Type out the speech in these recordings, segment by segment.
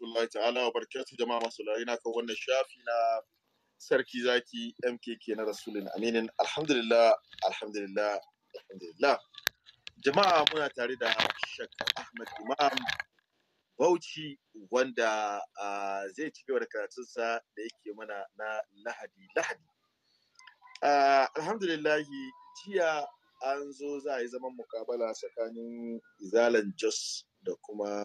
rahmatullahi ta'ala wa barkatu jama'a masu na kan wannan shafi na sarki zaki mkk na rasulun aminin alhamdulillah alhamdulillah alhamdulillah jama'a muna tare da shak ahmad imam bauchi wanda zai ci gaba da karatunsa da yake mana na lahadi lahadi alhamdulillahi jiya an zo za a yi zaman mukabala tsakanin izalan jos da kuma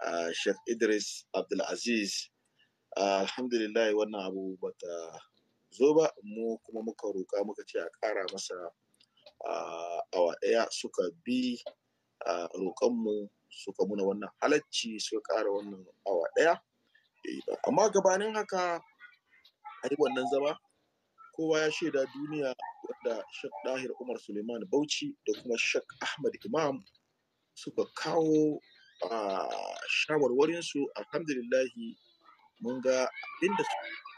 Ah, Sheikh Idris Abdulaziz. Ah, Alhamdulillah wannan abu bata zo ba mu kuma muka roƙa muka ce a ƙara masa ah, awa ɗaya suka bi roƙonmu suka muna wannan halacci suka ƙara wannan awa ɗaya. Eh, amma gabanin haka a wannan zama kowa ya shaida duniya wadda Sheikh Dahir Umar Suleiman Bauchi da kuma Sheikh Ahmad Imam suka kawo a shawarwarinsu alhamdulillahi mun ga inda su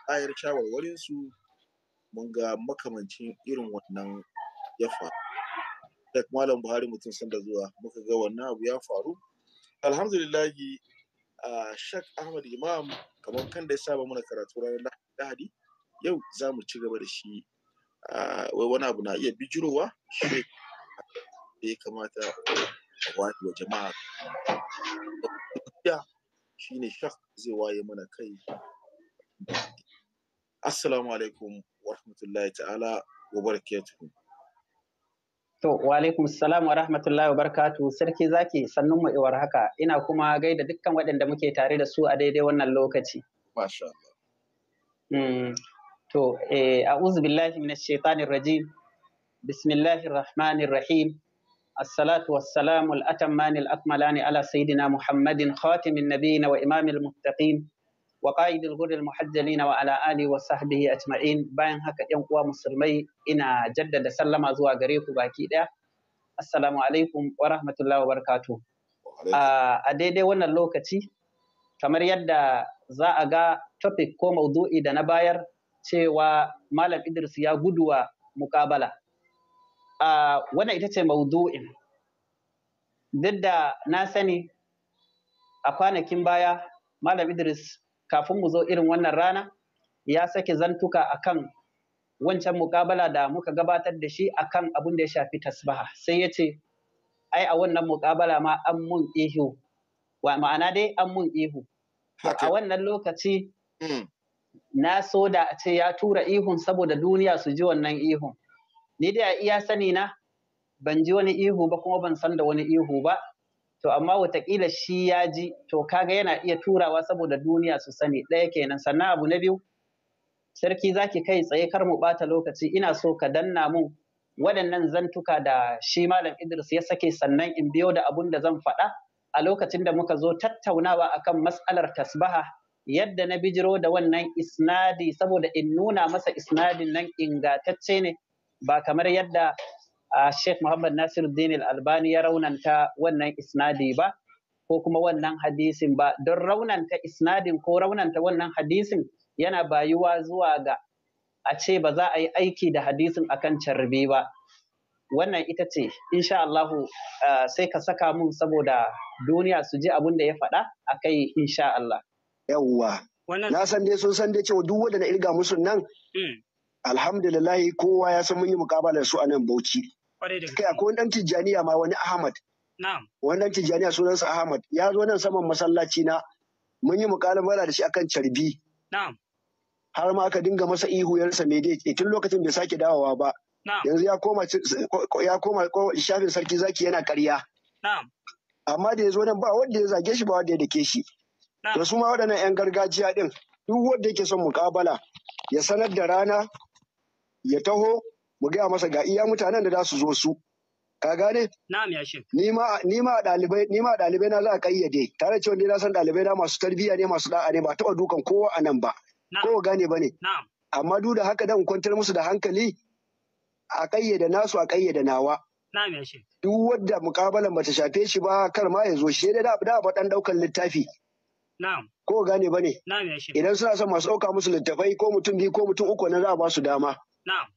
ayar shawarwarinsu mun ga makamancin irin wannan ya faru da malam buhari mutum sanda zuwa muka ga wannan abu ya faru alhamdulillahi a shak ahmad imam kamar kan da ya saba mana karatu ranar lahadi yau za mu ci gaba da shi wai wani abu na iya bijirowa shi da ya kamata a wa jama'a da shine shak zai waye mana kai assalamu alaikum wa rahmatullahi ta'ala wa barakatuhu To, wa alaikum salam wa rahmatullahi wa barakatu sarki zaki sannun mu iwar haka ina kuma gaida dukkan waɗanda muke tare da su a daidai wannan lokaci. Masha Allah. Mm. To, eh, a'udhu billahi minash shaitanir rajim. Bismillahir rahmanir rahim. الصلاة والسلام الأتمان الأكملان على سيدنا محمد خاتم النبيين وإمام المتقين وقائد الغر المحجلين وعلى آله وصحبه أجمعين باين هكا ينقوى مسلمي إنا جدد سلم زوا غريكو باكي Assalamu alaikum wa rahmatullahi wa barakatu. A daidai wannan lokaci, kamar yadda za a ga topic ko maudu'i da na bayar cewa Malam Idris ya guduwa mukabala. Wannan ita ce maudu'in duk da na sani a kwanakin baya Malam Idris kafin mu zo irin wannan rana ya sake zantuka akan wancan mukabala da muka gabatar da shi akan abin da ya shafi tasbaha sai ya ce ai a wannan mukabala ma an mun ihu wa ma'ana dai an mun ihu a wannan lokaci mm. na so da a ce ya tura ihun saboda duniya su ji wannan ihun ni da iya sani na ban ji wani ihu ba kuma ban san da wani ihu ba to amma wataƙila shi ya ji to kaga yana iya turawa saboda duniya su sani ɗaya kenan sannan abu na biyu sarki zaki kai tsaye kar mu ɓata lokaci ina so ka danna mun waɗannan zantuka da shi malam Idris ya sake sannan in biyo da abun da zan faɗa a lokacin da muka zo tattaunawa akan mas'alar tasbaha yadda na bijiro da wannan isnadi saboda in nuna masa isnadin nan ingantacce ne ba kamar yadda Ah, Sheikh Muhammad Nasiruddin Al-Albani ya raunanta wannan isnadi ba ko kuma wannan hadisin ba don raunanta isnadin ko raunanta wannan hadisin yana bayuwa zuwa ga a ce ba za a yi aiki da hadisin akan carbi ba wannan ita ce insha Allahu ah, sai ka saka mun saboda duniya su ji abin da ya faɗa a kai insha Allah. Yawwa. Na san dai sun san dai cewa duk wanda na irga musu nan hmm. Alhamdulillah kowa ya san mun yi mukabalar su a nan Bauchi. Kai akwai wani Tijjaniya ma wani Ahmad. Wani dan Tijjaniya sunansa Ahmad ya zo nan saman masallaci na mun yi mukalabala da shi akan carbi. Har ma aka dinga masa ihu ya rasa mai dai tun lokacin bai sake dawowa ba. Yanzu ya koma ya koma shafin sarki zaki yana karya. Amma da ya zo nan ba wanda ya zage shi ba wanda ya dake shi. Da su ma waɗannan 'yan gargajiya ɗin duk wanda yake son mukabala ya sanar da rana ya taho mu gaya masa ga iya mutanen da za su zo su ka gane na'am ya ni ma a ɗalibai ni ma ɗalibai na za a kayyade tare cewa ni na san ɗalibai na masu tarbiyya ne masu da'a ne ba taɓa dukan kowa a nan ba Ko gane ba ne amma duk da haka dan kwantar musu da hankali a kayyade nasu a kayyade nawa na'am ya shek duk wanda mukabalan bata shafe shi ba kar ma ya zo shi dai da da ba dan daukan littafi na'am ko gane ba ne na'am ya idan suna son masu ɗauka musu littafai ko mutum biyu ko mutum uku na za a ba su dama na'am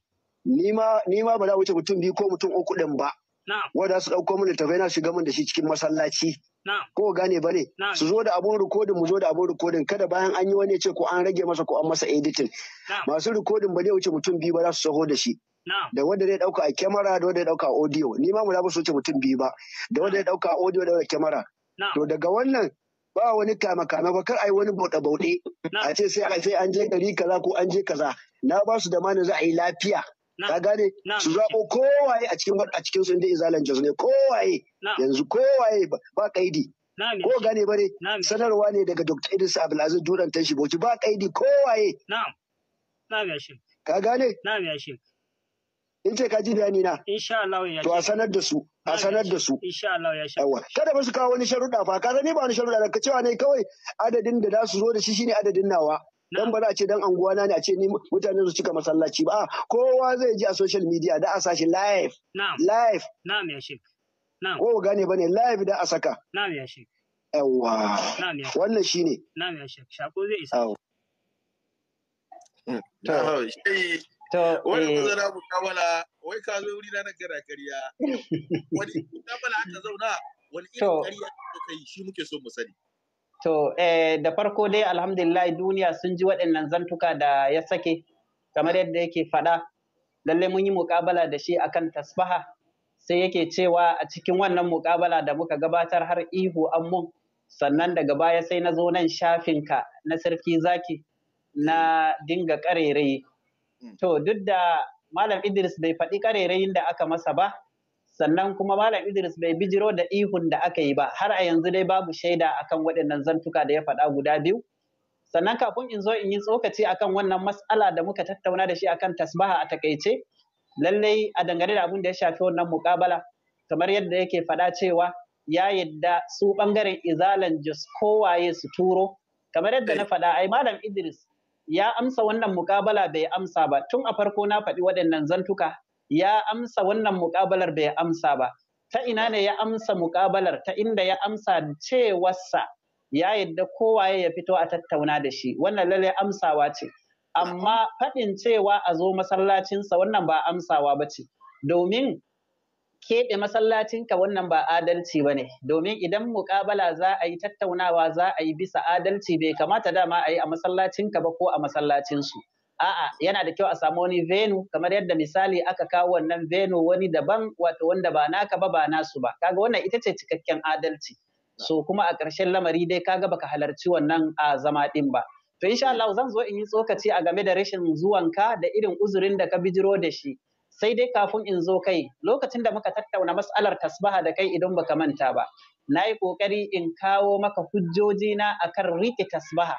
ni ma ba za wuce mutum biyu ko mutum uku ɗin ba. Wanda su ɗauko mun littafai na shiga mun da shi cikin masallaci. Ko gane ba ne? Su zo da abun rikodin mu zo da abun rikodin kada bayan an yi wani ce ko an rage masa ko an masa editin. Masu rikodin ba zai wuce mutum biyu ba za su saho da shi. Da wanda zai ɗauka a kyamara da wanda zai ɗauka a audio. Ni ma mu za su wuce mutum biyu ba. Da wanda zai ɗauka a audio da kyamara. To daga wannan ba wani kama kama ba kar yi wani bauɗe bauɗe a ce sai an je ɗari kaza ko an je kaza na ba su da ma za a yi lafiya ka gane su zaɓo kowaye a cikin a cikin sun da izalan jos ne kowaye yanzu kowaye ba kaidi ko gane bare sanarwa ne daga dr idris abdulaziz duran tashi boci ba kaidi kowaye ka gane in ce ka ji bayani na to a sanar da su a sanar da su yawa kada ba su kawo wani sharuɗa fa ka ne ba wani sharuɗa da ka cewa ne kawai adadin da za su zo da shi shine adadin nawa dan ba za a ce dan anguwana ne a ce ni mutane su cika masallaci ba ah, kowa zai ji a social media da a sashi live live na'am ya shek na'am ko gane bane live da a saka na'am ya shek yawa wannan shine na'am ya shek shako zai isa ta ta wani mazana eh. mukawala wai ka zo wuri na na gara kariya wani mukawala aka zauna wani irin kariya ka yi shi muke so mu sani To, eh, da farko dai alhamdulillah duniya sun ji waɗannan zantuka da ya sake, kamar yadda yake faɗa, lallai mun yi muƙabala da shi akan tasbaha, sai yake cewa a cikin wannan muƙabala da muka gabatar har ihu an mun, sannan daga baya sai na zo nan shafinka na sarki zaki na dinga ƙarerayi. Mm. To, duk da Malam Idris bai faɗi ƙarerayin da aka masa ba, sannan kuma Malam Idris bai bijiro da ihun da aka yi ba har a yanzu dai babu shaida akan waɗannan zantuka da ya faɗa guda biyu sannan kafin in zo in yi tsokaci akan wannan mas'ala da muka tattauna da shi akan tasbaha a takaice lallai a dangane da abin da ya shafi wannan muƙabala kamar yadda yake faɗa cewa ya yadda su ɓangaren izalan jos kowaye su turo kamar yadda na eh. faɗa ai Malam Idris ya amsa wannan muƙabala bai amsa ba tun a farko na faɗi waɗannan zantuka ya amsa wannan muƙabalar bai amsa ba ta ina ne ya amsa muƙabalar ta inda ya amsa cewarsa ya yadda kowaye ya fito a tattauna da shi wannan lalle amsawa ce amma faɗin cewa a zo masallacinsa wannan ba amsawa ba ce domin keɓe masallacinka wannan ba adalci ba ne domin idan muƙabala za a yi tattaunawa za a yi bisa adalci bai kamata dama a yi a masallacinka ba ko a masallacinsu a'a yana da kyau a samu wani venue kamar yadda misali aka kawo wannan venue wani daban wato wanda ba naka ba ba nasu ba kaga wannan ita ce cikakken adalci so kuma a ƙarshen lamari dai kaga baka halarci wannan a zama din ba to insha Allah zan zo in yi tsokaci a game da rashin zuwanka da irin uzurin da ka bijiro da shi sai dai kafin in zo kai lokacin da muka tattauna mas'alar tasbaha da kai idan baka manta ba na yi ƙoƙari in kawo maka hujjojina akan rike tasbaha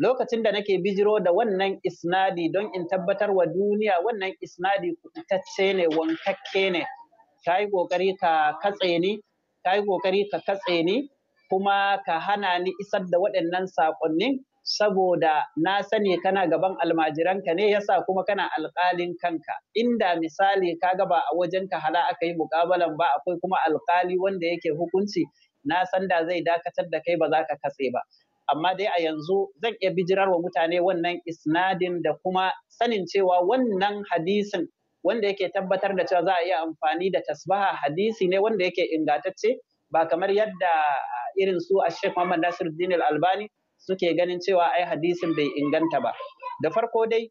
lokacin da nake bijiro da wannan isnadi don in tabbatar wa duniya wannan isnadi kutacce ne wankakke ne ka yi ƙoƙari ka katse ni ka yi kokari ka katse ni kuma ka hana ni isar da waɗannan saƙonnin saboda na sani kana gaban almajiranka ne yasa kuma kana alƙalin kanka inda misali kaga ba a wajen ka hala aka yi muƙabalan ba akwai kuma alƙali wanda yake hukunci na san da zai dakatar da kai ba za ka katse ba amma dai a yanzu zan iya bijirar wa mutane wannan isnadin da kuma sanin cewa wannan hadisin wanda yake tabbatar da cewa za a iya amfani da tasbaha hadisi ne wanda yake ingantacce ba kamar yadda ah, irin su a Sheikh Muhammad Nasiruddin Al-Albani suke ganin cewa ai hadisin bai inganta ba da farko dai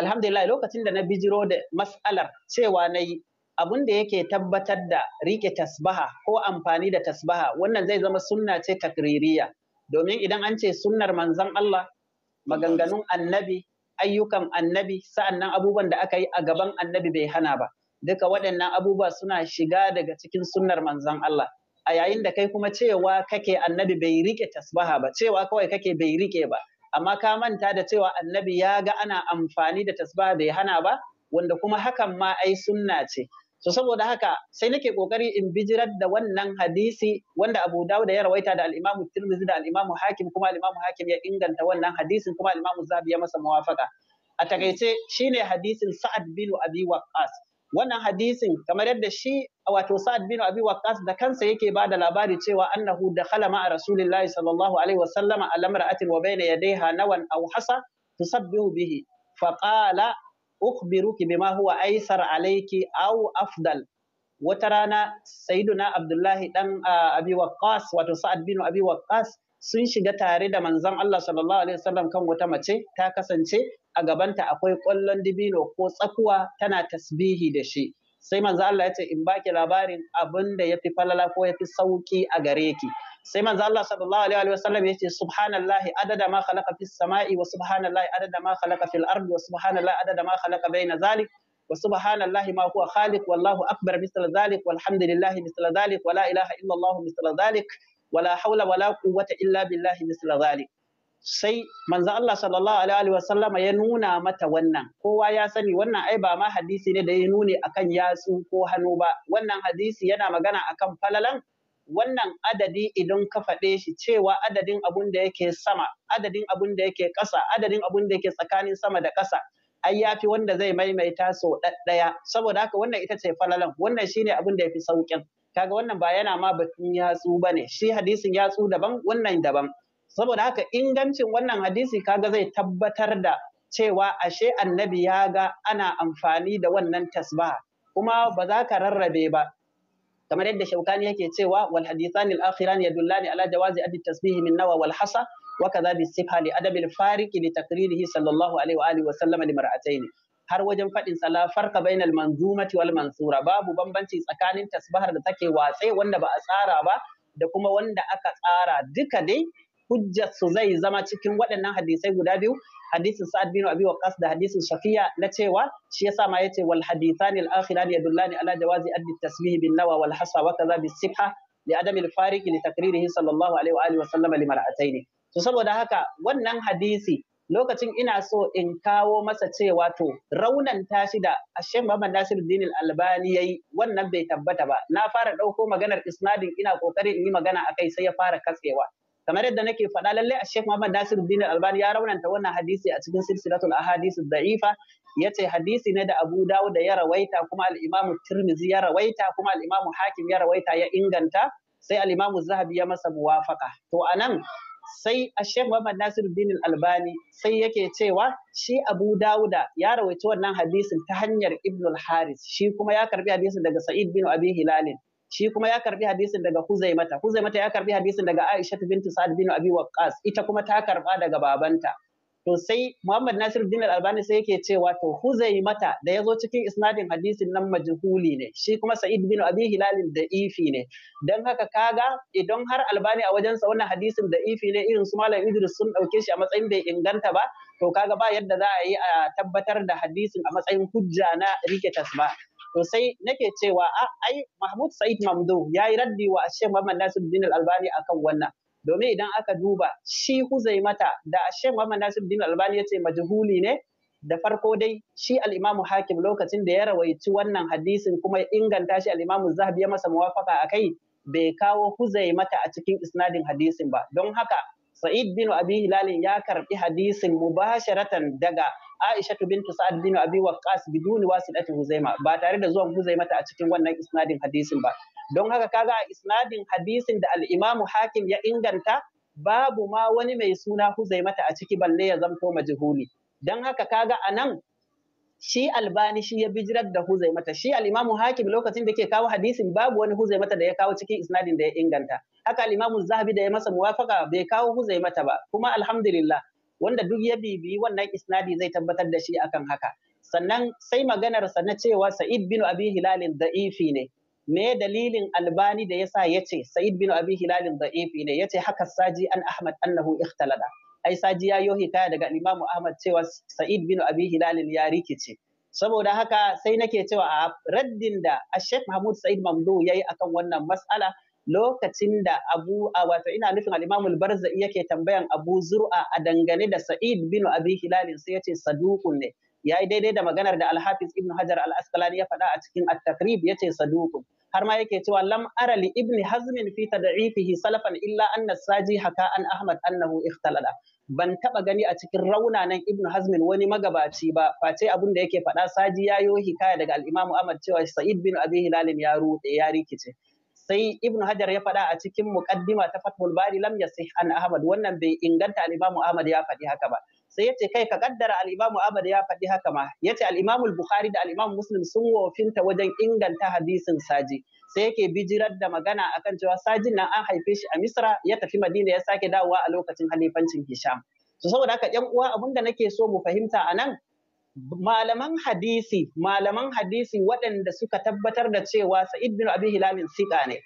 alhamdulillah lokacin da na bijiro da mas'alar cewa na yi abun da yake tabbatar da rike tasbaha ko amfani da tasbaha wannan zai zama sunna ce takririya domin idan an ce sunnar manzan Allah maganganun annabi ayyukan annabi sa'annan abubuwan da aka yi a gaban annabi bai hana ba duka waɗannan abubuwa suna shiga daga cikin sunnar manzan Allah a yayin da kai kuma cewa kake annabi bai rike tasbaha ba cewa kawai kake bai rike ba amma ka manta da cewa annabi ya ga ana amfani da tasbaha bai hana ba wanda kuma hakan ma ai sunna ce so saboda haka sai nake kokari in bijirar da wannan hadisi wanda Abu Dawud ya rawaita da al-Imam Tirmidhi da al-Imam Hakim kuma al-Imam Hakim ya inganta wannan hadisin kuma al-Imam Zabi ya masa muwafaka a takaice shine hadisin Sa'ad bin Abi Waqqas wannan hadisin kamar yadda shi wato Sa'ad bin Abi Waqqas da kansa yake ba da labari cewa annahu dakhala ma'a Rasulillahi sallallahu alaihi wasallama ala imra'atin wa bayna yadayha nawan aw hasa tusabbihu bihi faqala ukhbiruki bima huwa aisar alayki aw afdal wata rana sayyiduna abdullahi dan abi waqqas wato sa'ad bin abi sun shiga tare da manzon Allah sallallahu alaihi wasallam kan wata mace ta kasance a gabanta akwai ƙwallon dibino ko tsakuwa tana tasbihi da shi sai manzon Allah ya ce in baki labarin abin da yafi falala ko yafi sauki a gare ki sai manzo Allah sallallahu alaihi wa sallam yace subhanallahi adada ma khalaqa fis sama'i wa subhanallahi adada ma khalaqa fil ardi wa subhanallahi adada ma khalaqa baina zalik wa subhanallahi ma huwa khaliq wallahu akbar misla zalik walhamdulillahi misla zalik wa ilaha illa Allah misla zalik wala la hawla wa la quwwata illa billahi misla zalik sai manzo Allah sallallahu alaihi wa sallam ya nuna mata wannan kowa ya sani wannan ai ba ma hadisi ne da ya nuni akan yatsu ko hannu ba wannan hadisi yana magana akan falalan wannan adadi idan ka faɗe shi cewa adadin abun da yake sama adadin abun da yake ƙasa adadin abun da yake tsakanin sama da ƙasa ai ya fi wanda zai maimaita sau ɗaya saboda haka wannan ita ce falalan wannan shine abun da ya fi sauƙin kaga wannan ba yana ma batun yatsu ba ne shi hadisin yatsu daban wannan daban saboda haka ingancin wannan hadisi kaga zai tabbatar da cewa ashe annabi ya ga ana amfani da wannan tasbaha kuma ba za ka rarrabe ba kamar yadda shaukani yake cewa wal hadithani al akhiran yadullani ala jawazi addi tasbihi min nawa wal hasa wa kadha bi sifha li adab al fariq li taqririhi sallallahu alaihi wa alihi wa sallam li mar'atayn har wajen faɗin sala farka bainal manzumati wal mansura babu bambanci tsakanin tasbahar da take watse wanda ba a tsara ba da kuma wanda aka tsara duka dai hujjar su zai zama cikin waɗannan hadisai guda biyu hadisin Sa'ad bin Abi Waqqas da hadisin Shafiya na cewa shi yasa ma yace wal hadithani al akhirani yadullani ala jawazi addi tasbih bin nawa wal hasa wa kaza bis sibha li adami al fariq li takririhi sallallahu alaihi wa alihi wa sallam li mar'ataini to saboda haka wannan hadisi lokacin ina so in kawo masa cewa to raunan tashi da ashen Muhammad Nasir Din Albani yayi wannan bai tabbata ba na fara ɗauko maganar isnadin ina kokarin in yi magana akai sai ya fara katsewa kamar yadda nake faɗa lallai a Sheikh Muhammad Nasir Din Albani ya raunanta wannan hadisi a cikin silsilatul ahadisi da'ifa ce hadisi ne da Abu Dawud da ya rawaita kuma al-Imam Tirmidhi ya rawaita kuma al-Imam Hakim ya rawaita ya inganta sai al-Imam Zahabi ya masa muwafaqa to anan sai a Sheikh Muhammad Nasir Din Albani sai yake cewa shi Abu Dawuda ya rawaita wannan hadisin ta hanyar Ibn al-Haris shi kuma ya karbi hadisin daga Sa'id bin Abi Hilalin shi kuma ya karbi hadisin daga Huzaimata Huzaimata ya karbi hadisin daga Aisha bintu Sa'ad bin Abi Waqqas ita kuma ta karba daga babanta to sai Muhammad Nasir bin albani sai yake cewa to Huzaimata da yazo cikin isnadin hadisin nan majhuli ne shi kuma Sa'id bin Abi Hilal da ifi ne dan haka kaga idan har Albani a wajensa wannan hadisin da ifi ne irin su Malam Idris sun dauke shi a matsayin bai inganta ba to kaga ba yadda za a yi a tabbatar da hadisin a matsayin hujja na rike tasba to sai nake cewa a ai Mahmud Said Mamdou ya yi raddi wa Sheikh Muhammad Nasiruddin Al-Albani akan wannan domin idan aka duba shi huzai mata da Sheikh Muhammad Nasiruddin Al-Albani yace majhuli ne da farko dai shi al-Imam Hakim lokacin da ya rawaici wannan hadisin kuma ya inganta shi al-Imam Zahabi ya masa muwafaka kai bai kawo huzai mata a cikin isnadin hadisin ba don haka Sa'id bin Abi Hilal ya karbi hadisin mubasharatan daga Aisha bintu Sa'ad bin Abi Waqqas bidun wasilati Huzaima ba tare da zuwan Huzaima ta a cikin wannan isnadin hadisin ba don haka kaga isnadin hadisin da al-Imam Hakim ya inganta babu ma wani mai suna Huzaimata a ciki balle ya zamto majhuli don haka kaga anan shi albani shi ya bijirar da huzai mata shi al-imamu hakim lokacin da ke kawo hadisin babu wani huzai mata da ya kawo cikin isnadin da ya inganta haka al zahabi da ya masa muwafaka bai kawo huzai mata ba kuma alhamdulillah wanda duk ya bibiyi wannan isnadi zai tabbatar da shi akan haka sannan sai maganar sa na cewa sa'id bin abi hilal da'ifi ne me dalilin albani da yasa yace sa'id bin abi hilalin da'ifi ne yace haka saji an ahmad annahu ikhtalada ai saji ya yohi kaya daga Imam Ahmad cewa Sa'id bin Abi Hilal ya rikice saboda haka sai nake cewa a raddin da Sheikh Mahmud Sa'id Mamdu yi akan wannan mas'ala lokacin da Abu wato ina nufin al-Imam barza yake tambayan Abu Zur'a a dangane da Sa'id bin Abi Hilal sai yace saduqun ne yayi daidai da maganar da Al-Hafiz Ibn Hajar Al-Asqalani ya faɗa a cikin At-Taqrib yace saduqun har ma yake cewa lam ara li ibni hazmin fi tad'ifihi salafan illa anna saji haka an ahmad annahu ikhtalala ban taɓa gani a cikin raunanan Ibn Hazmin wani magabaci ba face abin da yake faɗa saji ya yo hikaya daga al-Imam Ahmad cewa Sa'id bin Abi Hilal ya rude ya rikice sai Ibn Hajar ya faɗa a cikin muqaddima ta Fathul Bari lam yasih an Ahmad wannan bai inganta al-Imam Ahmad ya faɗi haka ba sai yace kai ka kaddara al imamu Ahmad ya faɗi haka ma yace al-Imam Bukhari da al imamu Muslim sun wofinta wajen inganta hadisin saji sai yake bijirar da magana akan cewa sajin nan an haife shi a Misra ya tafi Madina ya sake dawowa a lokacin halifancin Hisham to saboda haka ƴan uwa abinda nake so mu fahimta anan malaman hadisi malaman hadisi waɗanda suka tabbatar da cewa sa'id bin abi Hilal sika ne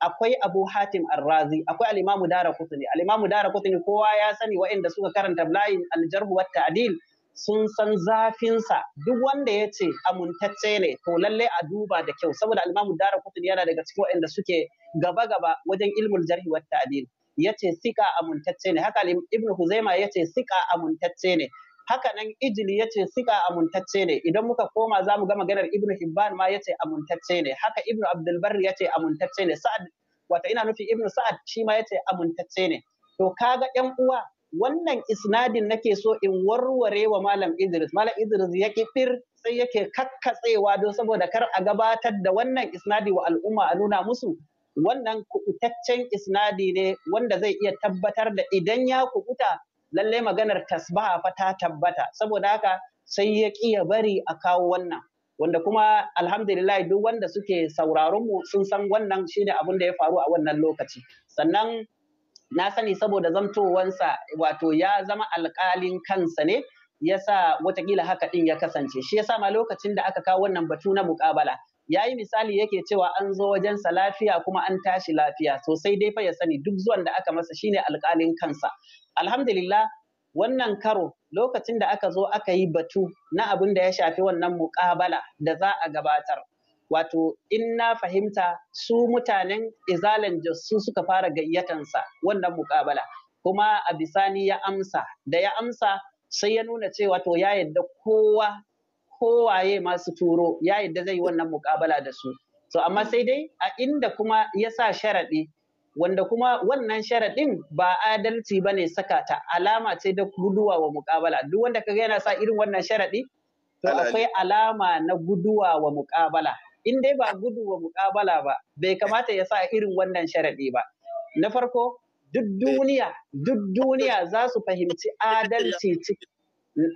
akwai Abu Hatim Ar-Razi akwai al-Imam Daraqutni al-Imam Daraqutni kowa ya sani waɗanda suka karanta Blain al-Jarh wa Ta'dil sun san zafin sa duk wanda ya ce amuntacce ne to lalle a duba da kyau saboda al-Imam Daraqutni yana daga cikin waɗanda suke gaba gaba wajen ilmul jarh wa Ta'dil yace sika amuntacce ne haka Ibn Huzaima yace sika amuntacce ne haka nan ijili ya ce sika amuntacce ne idan muka koma za mu ga maganar ibnu hibban ma ya ce amuntacce ne haka ibnu abdulbar ya ce amuntacce ne sa'ad wata ina nufi ibnu sa'ad shi ma ya ce amuntacce ne to kaga yan uwa wannan isnadin nake so in warware wa malam idris malam idris ya kifir sai yake kakkatsewa don saboda kar a gabatar da wannan isnadi wa al'umma a nuna musu wannan kubutaccen isnadi ne wanda zai iya tabbatar da idan ya kubuta lallai maganar tasbaha fa ta tabbata saboda haka sai ya ƙi ya bari a kawo wannan wanda kuma alhamdulillah duk wanda suke sauraron mu sun san wannan shine abin da ya faru a wannan lokaci sannan na sani saboda zamtowansa wato ya zama alƙalin kansa ne ya sa watakila haka din ya kasance shi yasa ma lokacin da aka kawo wannan batu na mukabala ya yi misali yake cewa an zo wajensa lafiya kuma an tashi lafiya sosai dai fa ya sani duk zuwan da aka masa shine alƙalin kansa alhamdulillah wannan karo lokacin da aka zo aka yi batu na abin da ya shafi wannan muƙabala da za a gabatar wato in na fahimta su mutanen izalan su suka fara gayyatansa wannan muƙabala kuma a bisani ya amsa da ya amsa sai ya nuna cewa to ya yadda kowa kowaye masu turo ya yadda zai yi wannan muƙabala da su to amma sai dai a inda kuma ya sa sharaɗi wanda kuma wannan sharaɗin ba adalci ba ne saka ta alama ce da guduwa wa muƙabala duk wanda kaga yana sa irin wannan sharaɗi to akwai alama na guduwa wa muƙabala in dai ba gudu wa muƙabala ba bai kamata ya sa irin wannan sharaɗi ba na farko duk duniya duk duniya za su fahimci adalci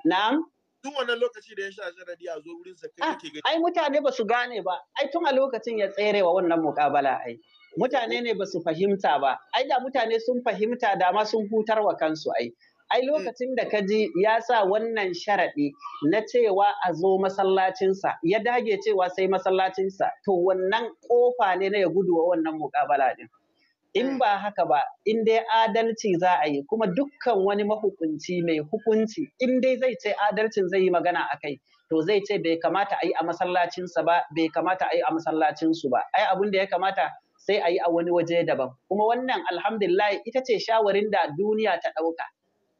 na'am tun wannan lokaci da ya sha sharaɗi a zo wurin sa kai yake ah, gani ai mutane ba su gane ba ai tun a lokacin ya tserewa wannan muƙabala ai mutane ne ba su fahimta ba ai da mutane sun fahimta da ma sun hutar wa kansu ai ai mm. lokacin da kaji ya sa wannan sharaɗi na cewa a zo masallacinsa ya dage cewa sai masallacinsa to wannan ƙofa ne na ya gudu wa wannan mukabala din in mm. ba haka ba in dai adalci za a yi kuma dukkan wani mahukunci mai hukunci in dai zai ce adalcin zai yi magana a kai to zai ce bai kamata a yi a masallacinsa ba bai kamata a yi a masallacinsu ba ai abin da ya kamata sai a yi a wani waje daban kuma wannan alhamdulillah ita ce shawarin da duniya ta ɗauka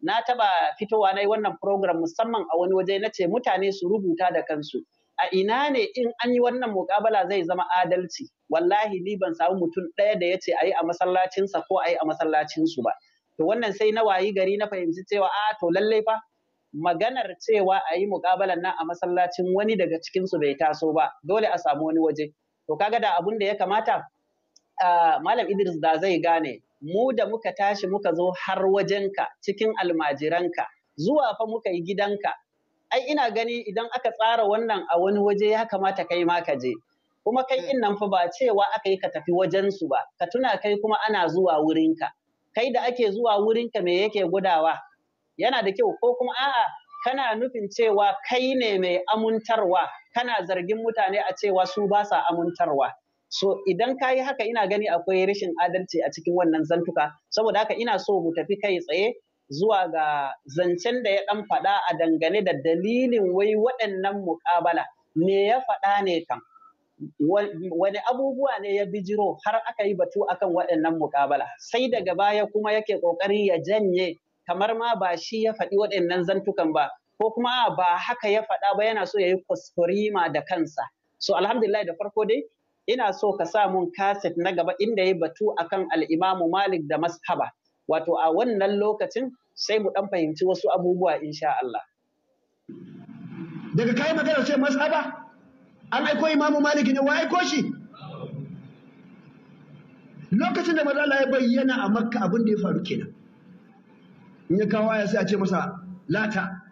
na taɓa fitowa na yi wannan program musamman a wani waje na ce mutane su rubuta da kansu a ina ne in an yi wannan muƙabala zai zama adalci wallahi ni ban samu mutum ɗaya da ya ce a yi a masallacinsa ko a yi a masallacinsu ba to wannan sai na wayi gari na fahimci cewa a to lallai fa maganar cewa a yi muƙabalan nan a masallacin wani daga cikinsu bai taso ba dole a samu wani waje to kaga da abun da ya kamata Malam Idris da zai gane mu da muka tashi muka zo har wajenka cikin almajiranka zuwa fa muka yi gidanka ai ina gani idan aka tsara wannan a wani waje ya kamata kai ma ka je kuma kai hmm. in nan fa ba cewa aka yi ka tafi wajensu ba ka tuna kai kuma ana zuwa wurinka kai da ake zuwa wurinka me yake gudawa yana da kyau ko kuma a'a kana nufin cewa kai ne mai amuntarwa kana zargin mutane a cewa su ba sa amuntarwa So idan ka yi haka ina gani akwai rashin adalci a cikin wannan zantuka, saboda haka ina so mu tafi kai tsaye zuwa ga zancen da ya ɗan faɗa a dangane da dalilin wai waɗannan muƙabala me ya faɗa ne kan wani abubuwa ne ya bijiro har aka yi batu akan waɗannan muƙabala sai daga baya kuma yake ƙoƙari ya janye kamar ma ba shi ya faɗi waɗannan zantukan ba ko kuma ba haka ya faɗa ba yana so ya yi kuskurima da kansa so alhamdulillah da farko dai ina so ka sa mun kaset na gaba inda ya batu akan al'imamu Malik da mashaba. Wato a wannan lokacin sai mu ɗan fahimci wasu abubuwa insha Allah. Daga kayan magana ce mashaba? An aiko imamu Malik ne wa aiko shi? Lokacin da mazala ya bayyana a Makka abin da ya faru kenan. In ya kawo ya sai a ce masa lata,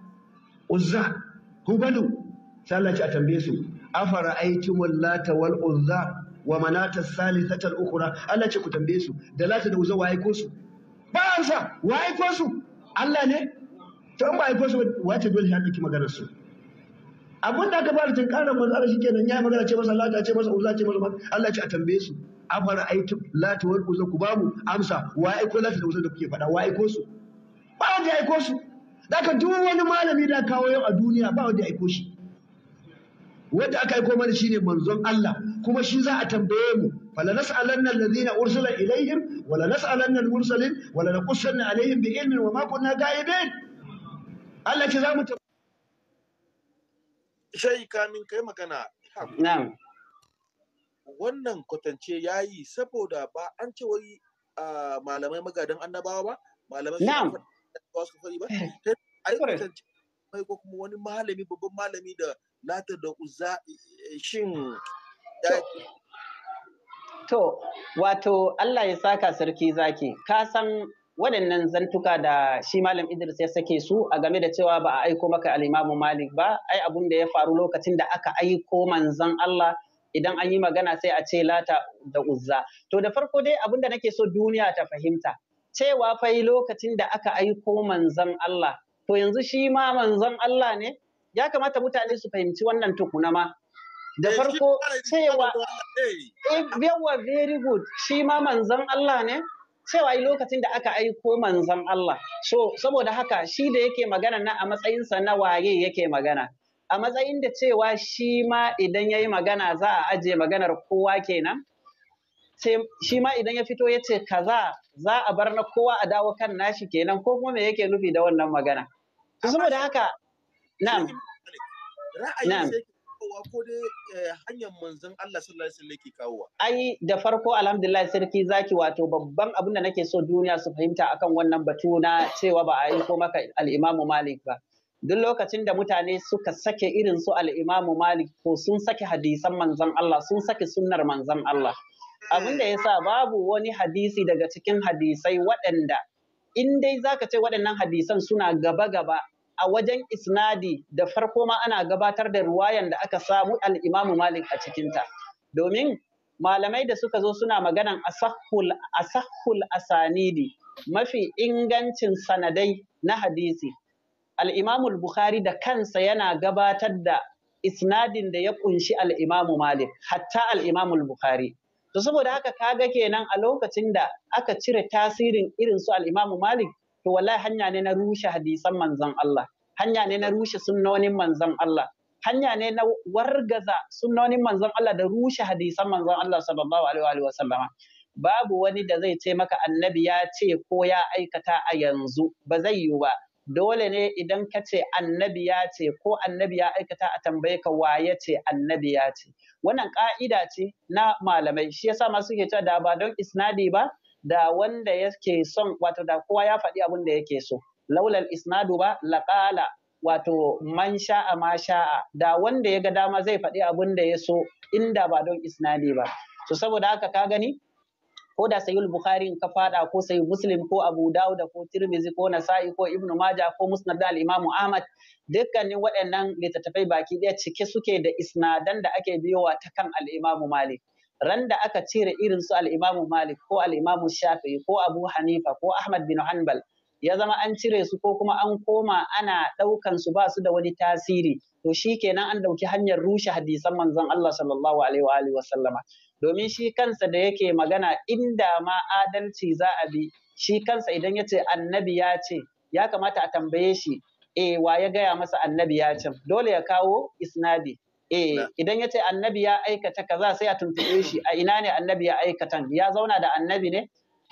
uzza, hubalu, sai Allah ya a tambaye su afara aitumul lata wal uzza wa manata salisatal ukhra Allah ce ku tambaye su da lata da uzza wa aiko su ba amsa wa aiko su Allah ne to in ba aiko su wace dole ya dauki magana su abin da aka fara tunkarar manzo Allah shikenan ya magana ce masa lata ce masa uzza ce masa Allah ce a tambaye su afara aitum lata wal uzza ku bamu amsa wa aiko lata da uzza da kuke faɗa wa aiko su ba wanda ya aiko su da duk wani malami da kawo yau a duniya ba wanda ya aiko shi wanda aka aiko mana shine manzon Allah kuma shi za a tambaye mu fala nas'alanna alladhina ursila ilaihim wala nas'alanna al-mursalin wala naqussanna alaihim bi ilmin wa ma kunna ghaibin Allah ce za mu shai kamin kai magana na'am wannan kwatance yayi saboda ba an ce wai malamai magadan annabawa ba malamai ba su fari ba eh. ai kwatance malamai ko kuma wani malami babban malami da lata da uzza eh, shin To, wato Allah ya saka sarki zaki, ka san waɗannan zantuka da shi Malam Idris ya sake su a game da cewa ba a aiko maka al'imamu Malik ba, ai abun da ya faru lokacin da aka aiko manzon Allah idan an yi magana sai a ce lata da uzza. To da farko dai abun da nake so duniya ta fahimta, cewa fai lokacin da aka aiko manzon Allah to yanzu shi ma manzon Allah ne ya kamata mutane su fahimci wannan tukuna ma da eh, farko cewa eh. eh, yawa very good shi ma manzon Allah ne cewa yi lokacin da aka aiko manzon Allah so saboda haka shi da yake magana na a matsayinsa na waye yake magana a matsayin da cewa shi ma idan ya yi magana za a aje maganar kowa kenan shi ma idan ya fito ya ce kaza za a bar na kowa a dawo kan nashi kenan ko kuma me yake nufi da wannan magana saboda haka na'am na'am ko dai eh, hanyar manzon Allah sallallahu alaihi wasallam Ai da farko alhamdulillah sarki zaki wato babban abin da nake so duniya su fahimta akan wannan batu na cewa ba a yi ko maka al-Imam Malik ba. Duk lokacin da mutane suka sake irin su al-Imam Malik ko sun sake hadisan manzon Allah sun sake sunnar manzon Allah. Abin da yasa babu wani hadisi daga cikin hadisai waɗanda in dai za ka ce waɗannan hadisan suna gaba-gaba a wajen isnadi da farko ma ana gabatar da ruwayan da aka samu Al'imamu Malik a cikinta domin malamai da suka zo suna maganan asahul asahul asanidi mafi ingancin sanadai na hadisi al Bukhari da kansa yana gabatar da isnadin da ya ƙunshi Al'imamu Malik hatta al Bukhari to saboda haka kaga kenan a lokacin da aka cire tasirin irin su al'imamu Malik to wallahi hanya ne na rushe hadisan manzon Allah hanya ne na rushe sunnonin manzon Allah hanya ne na wargaza sunnonin manzon Allah da rushe hadisan manzon Allah sallallahu alaihi wa sallama babu wani da zai ce maka annabi ya ce ko ya aikata a yanzu ba zai yiwu ba dole ne idan ka ce annabi ya ce ko annabi ya aikata a tambaye ka wa ya ce annabi ya ce wannan ka'ida ce na malamai shi yasa masu ke cewa da ba don isnadi ba da wanda yake son wato da kowa ya faɗi abin da yake so laulal isnadu ba laƙala wato man sha'a ma sha'a da wanda ya ga dama zai faɗi abin da ya so inda ba don isnadi ba to saboda haka ka gani ko da sayul bukhari in ka fada ko sayi muslim ko abu dawud ko tirmizi ko nasa'i ko ibnu maja ko musnad al imam ahmad dukkanin waɗannan littattafai baki ɗaya cike suke da isnadan da ake biyowa ta kan al'imamu malik ran da aka cire irin su al'imamu Malik ko al'imamu Shafi, Shafi'i ko Abu Hanifa ko Ahmad bin Hanbal ya zama an cire su ko kuma an koma ana ɗaukan su ba su da wani tasiri to shikenan an ɗauki hanyar rushe hadisan manzon Allah sallallahu alaihi wa wa domin shi kansa da yake magana inda ma adalci za a bi shi kansa idan ya ce annabi ya ce ya kamata a tambaye shi e wa ya gaya masa annabi ya ce dole ya kawo isnadi e idan ya ce annabi ya aikata kaza sai a tuntuɓe shi a ina ne annabi ya aikatan ya zauna da annabi ne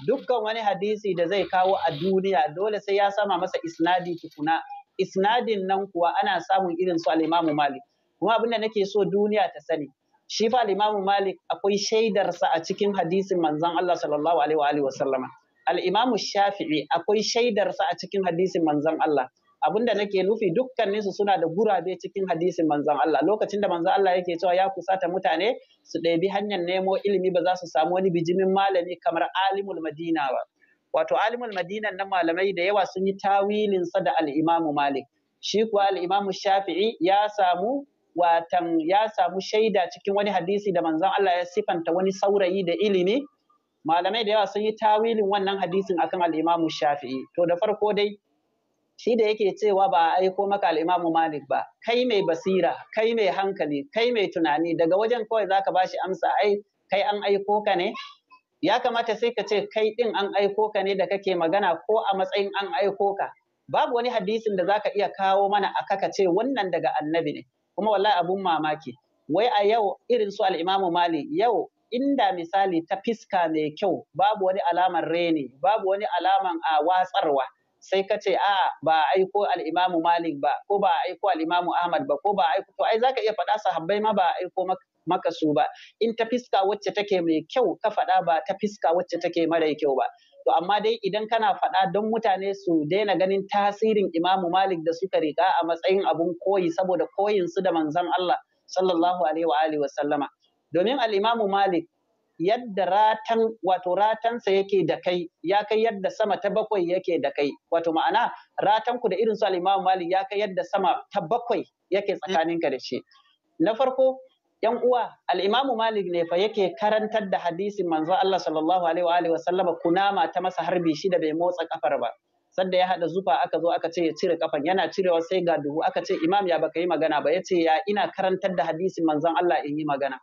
dukkan wani hadisi da zai kawo a duniya dole sai ya sama masa isnadi tukuna isnadin nan kuwa ana samun irin su al-Imam Malik kuma abin da nake so duniya ta sani shi fa al Malik akwai shaidarsa a cikin hadisin manzon Allah sallallahu alaihi wa wa sallama al imamu Shafi'i akwai shaidarsa a cikin hadisin manzon Allah abinda nake nufi dukkanin su suna da gurabe cikin hadisin manzon Allah lokacin da manzon Allah yake cewa ya kusata mutane su ɗebi hanyar nemo ilimi ba za su samu wani bijimin malami kamar alimul madina ba wato alimul madina nan malamai da yawa sun yi tawilin sa da al imamu Malik shi kuwa al imamu Shafi'i ya samu watan ya samu shaida cikin wani hadisi da manzon Allah ya sifanta wani saurayi da ilimi malamai da yawa sun yi tawilin wannan hadisin akan al Shafi'i to da farko dai shi da yake cewa ba a aiko maka al Malik ba kai mai basira kai mai hankali kai mai tunani daga wajen kawai zaka bashi amsa ai kai an aiko ka ne ya kamata sai ka ce kai din an aiko ka ne da kake magana ko a matsayin an aiko ka babu wani hadisin da zaka iya kawo mana a kaka ce wannan daga annabi ne kuma wallahi abun mamaki wai a yau irin su al'imamu mali yau inda misali ta fiska mai kyau babu wani alamar reni babu wani alaman a watsarwa sai ka ce a ba a aiko al'imamu malik ba ko ba a aiko al'imamu ahmad ba ko ba a aiko to ai zaka iya faɗa sahabbai ma ba a aiko maka su ba in ta fiska wacce take mai kyau ka faɗa ba ta fiska wacce take mara kyau ba to amma dai idan kana faɗa don mutane su daina ganin tasirin imamu malik da suka riga a matsayin abun koyi saboda koyin su da manzan Allah sallallahu alaihi wa alihi wa sallama domin al-imamu malik yadda ratan wato ratansa yake da kai ya kai yadda sama ta bakwai yake da kai wato ma'ana ratan ku da irin su al-imamu malik ya kai yadda sama ta bakwai yake tsakaninka da shi na farko yan uwa al-Imam Malik ne fa yake karantar da hadisin manzo Allah sallallahu alaihi wa alihi wa sallama kunama ta masa harbi shi da bai motsa kafar ba sadda ya hada zufa aka zo aka ce ya cire kafan yana cirewa sai ga duhu aka ce imam ya baka yi magana ba yace ya ina karantar da hadisin manzon Allah in yi magana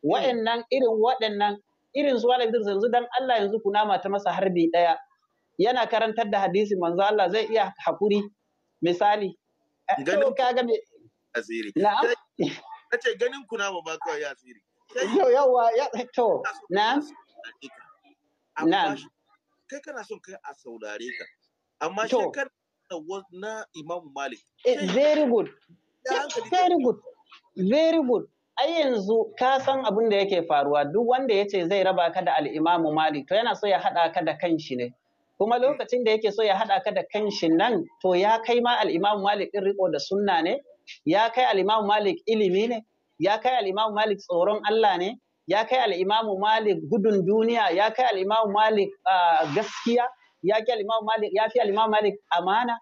wa'annan irin waɗannan irin zuwa da yanzu dan Allah yanzu kunama ta masa harbi daya yana karantar da hadisin manzon Allah zai iya hakuri misali eh, ganin kaga me ta ce ganin na ba kawai ya tsiri yau yawa ya to na na kai kana son kai a saurare ka amma shekar na imamu malik eh, very good very good very good ai yanzu ka san abin da yake faruwa duk wanda ya ce zai raba ka da al'imamu malik to yana so ya haɗa ka da kanshi ne kuma eh. lokacin da yake so ya haɗa ka da kanshi nan to ya kai ma al'imamu malik ɗin riko da sunna ne ya kai al'imamu malik ilimi ne ya kai al'imamu malik tsoron Allah ne ya kai al'imamu malik gudun duniya ya kai al'imamu malik gaskiya ya kai al'imamu malik ya fi al'imamu malik amana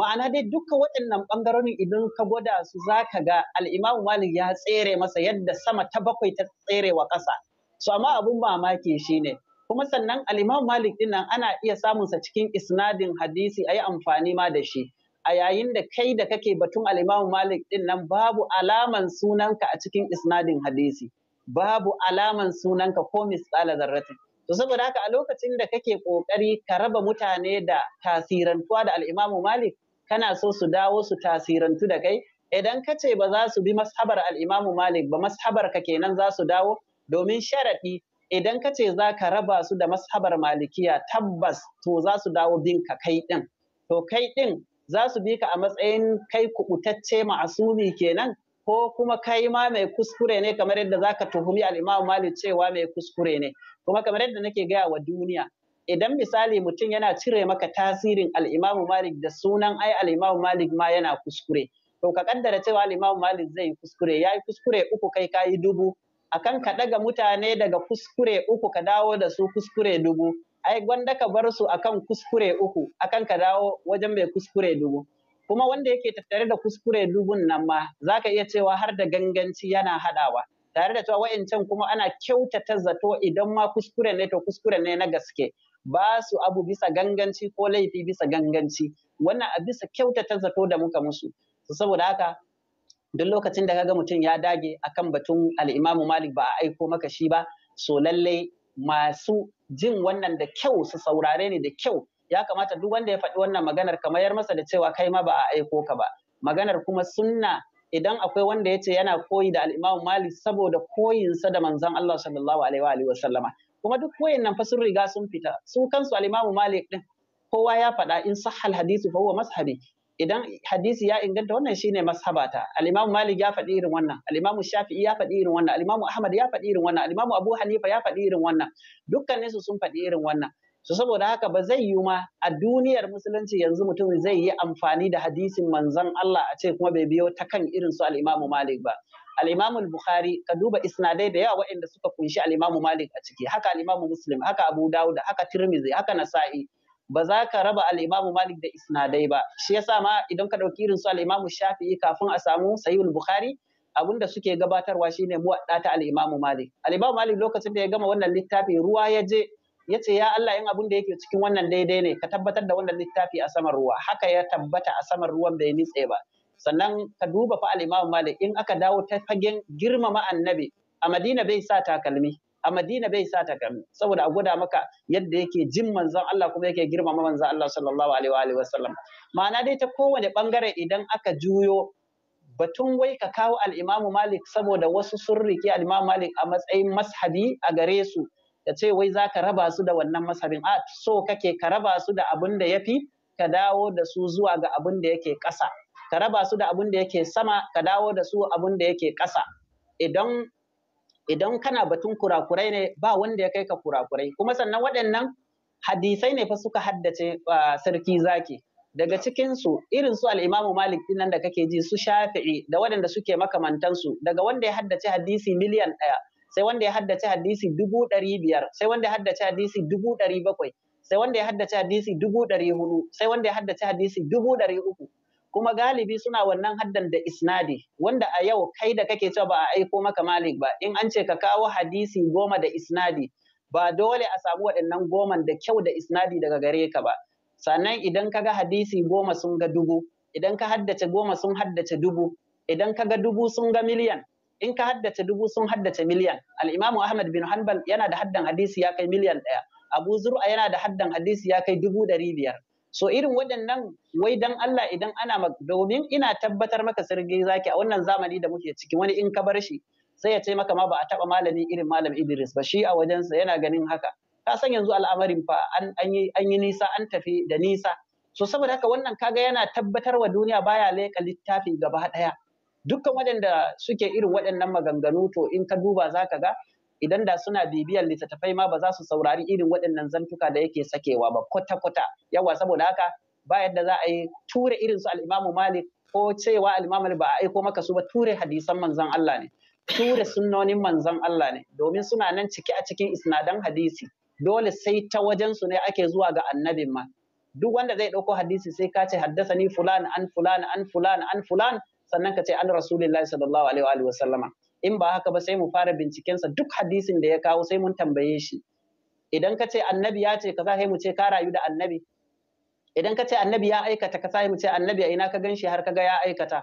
ma'ana dai dukkan waɗannan ɓangarorin idan ka gwada su za ka ga al'imamu malik ya tsere masa yadda sama ta bakwai ta tsere wa ƙasa so amma abun mamaki shine kuma sannan al'imamu malik ɗin nan ana iya samunsa cikin isnadin hadisi a yi amfani ma da shi a yayin da kai da kake batun al'imamu malik din nan babu alaman sunanka a cikin isnadin hadisi babu alaman sunanka ko misala zarratin to saboda haka a lokacin da kake kokari ka raba mutane da tasirantuwa da al'imamu malik kana so su dawo su tasirantu da kai idan ka ce ba za su bi mashabar al'imamu malik ba mashabar ka kenan za su dawo domin sharaɗi idan ka ce za ka raba su da mashabar malikiya tabbas to za su dawo bin ka kai din, to kai ɗin za su bi ka a matsayin kai kubutacce ma'asumi kenan ko kuma kai ma mai kuskure ne kamar yadda za ka tuhumi al'imamu Malik cewa mai kuskure ne kuma kamar yadda nake gaya wa duniya idan misali mutum yana cire maka tasirin al'imamu Malik da sunan ai al'imamu Malik ma yana kuskure to ka kaddara cewa al'imamu Malik zai yi kuskure ya yi kuskure uku kai ka yi dubu akan ka daga mutane daga kuskure uku ka dawo da su kuskure dubu ai gwanda ka bar su akan kuskure uku akan ka dawo wajen mai kuskure dubu kuma wanda yake tattare da kuskure dubun nan ma zaka iya cewa har da ganganci yana haɗawa tare da cewa wayancan kuma ana kyautata zato idan ma kuskure ne to kuskure ne na gaske ba su abu bisa ganganci ko laifi bisa ganganci wannan a bisa kyautata zato da muka musu saboda haka duk lokacin da kaga mutum ya dage akan batun al'imamu malik ba a aiko maka shi ba so lallai masu jin wannan da kyau su saurare ni da kyau ya kamata duk wanda ya faɗi wannan maganar ka mayar masa da cewa kai ma ba a aiko ka ba maganar kuma sunna idan akwai wanda ya ce yana koyi da al'imamu malik saboda koyinsa da manzon Allah sallallahu alaihi wa sallama kuma duk koyin nan fa sun riga sun fita su kansu al'imamu malik din kowa ya faɗa in sahal hadisu fa huwa mashabi idan hadisi ya inganta wannan shine mashabata al-Imam Malik ya faɗi irin wannan al Shafi'i ya faɗi irin wannan al Ahmad ya faɗi irin wannan al-Imam Abu Hanifa ya faɗi irin wannan dukkanin su sun faɗi irin wannan so saboda haka ba zai yi ma a duniyar musulunci yanzu mutum zai yi amfani da hadisin manzon Allah a ce kuma bai biyo ta kan irin su al Malik ba al Bukhari ka duba isnadai da yawa waɗanda suka kunshi al Malik a ciki haka al Musulmi, Muslim haka Abu Dawud haka Tirmidhi haka Nasa'i ba za ka raba al'imamu Malik da isnadai ba shi yasa ma idan ka dauki irin su al'imamu Shafi'i kafin a samu Sahihul Bukhari abinda suke gabatarwa shine muwadda ta al'imamu Malik Al'imamu Malik lokacin da ya gama wannan littafi ruwa ya je ya ce ya Allah in abin da yake cikin wannan daidai ne ka tabbatar da wannan littafi a saman ruwa haka ya tabbata a saman ruwan bai nitse ba sannan ka duba fa al'imamu Malik in aka dawo ta fagen girmama annabi a Madina bai sa takalmi a Madina bai sa ta takalmi saboda a gwada maka yadda yake jin manzon Allah kuma yake girmama manzon Allah sallallahu alaihi wa sallam ma'ana dai ta kowane bangare idan aka juyo batun wai ka kawo al-Imam Malik saboda wasu sun rike al-Imam Malik a matsayin mashabi a gare su ka ce wai za ka raba su da wannan mashabin a so kake ka raba su da abin da yafi ka dawo da su zuwa ga abin da yake ƙasa ka raba su da abin da yake sama ka dawo da su abin da yake ƙasa idan idan kana batun kurakurai ne ba wanda ya kai ka kurakurai kuma sannan waɗannan hadisai ne fa suka haddace sarki zaki daga cikinsu irin su al'imamu malik dinnan da kake ji su shafi'i da waɗanda suke makamantansu daga wanda ya haddace hadisi miliyan ɗaya sai wanda ya haddace hadisi dubu ɗari biyar sai wanda ya haddace hadisi dubu ɗari bakwai sai wanda ya haddace hadisi dubu ɗari hudu sai wanda ya haddace hadisi dubu ɗari uku kuma galibi suna wannan haddan da isnadi wanda a yau kai da kake cewa ba a aiko maka malik ba in an ce ka kawo hadisi goma da isnadi ba dole a samu waɗannan goman da kyau da isnadi daga gare ka ba sannan idan ka ga hadisi goma sun ga dubu idan ka haddace goma sun haddace dubu idan ka ga dubu sun ga miliyan in ka haddace dubu sun haddace miliyan al'imamu ahmad bin hanbal yana da haddan hadisi ya kai miliyan ɗaya abu zur'a yana da haddan hadisi ya kai dubu ɗari biyar So irin waɗannan wai dan Allah idan ana domin ina tabbatar maka sirri zaki a wannan zamani da muke ciki wani in ka bar shi sai ya ce maka ma ba a taba malami irin malam Idris ba shi a wajensa yana ganin haka. Ka san yanzu al'amarin fa an yi nisa an tafi da nisa. So saboda haka wannan kaga yana tabbatar wa duniya baya leƙa littafi gaba ɗaya. Dukkan waɗanda suke irin waɗannan maganganu to in ka duba zaka ga idan da suna bibiyar littattafai ma ba za su saurari irin waɗannan zantuka da yake sakewa ba kwata-kwata yawa saboda haka ba yadda za a yi ture irin su al'imamu malik ko cewa al'imamu ba a aiko maka su ba ture hadisan manzan Allah ne ture sunnonin manzan Allah ne domin suna nan ciki a cikin isnadan hadisi dole sai ta wajen su ne ake zuwa ga annabin ma duk wanda zai ɗauko hadisi sai ka ce haddasa ni fulan an fulan an fulan an fulan sannan ka ce an rasulillahi sallallahu alaihi wa sallama in ba haka ba sai mu fara bincikensa duk hadisin da ya kawo sai mun tambaye shi idan ka ce annabi ya ce ka sai mu ce ka rayu da annabi idan ka annabi ya aikata ka sai mu ce annabi a ina ka ganshi har ka ga ya aikata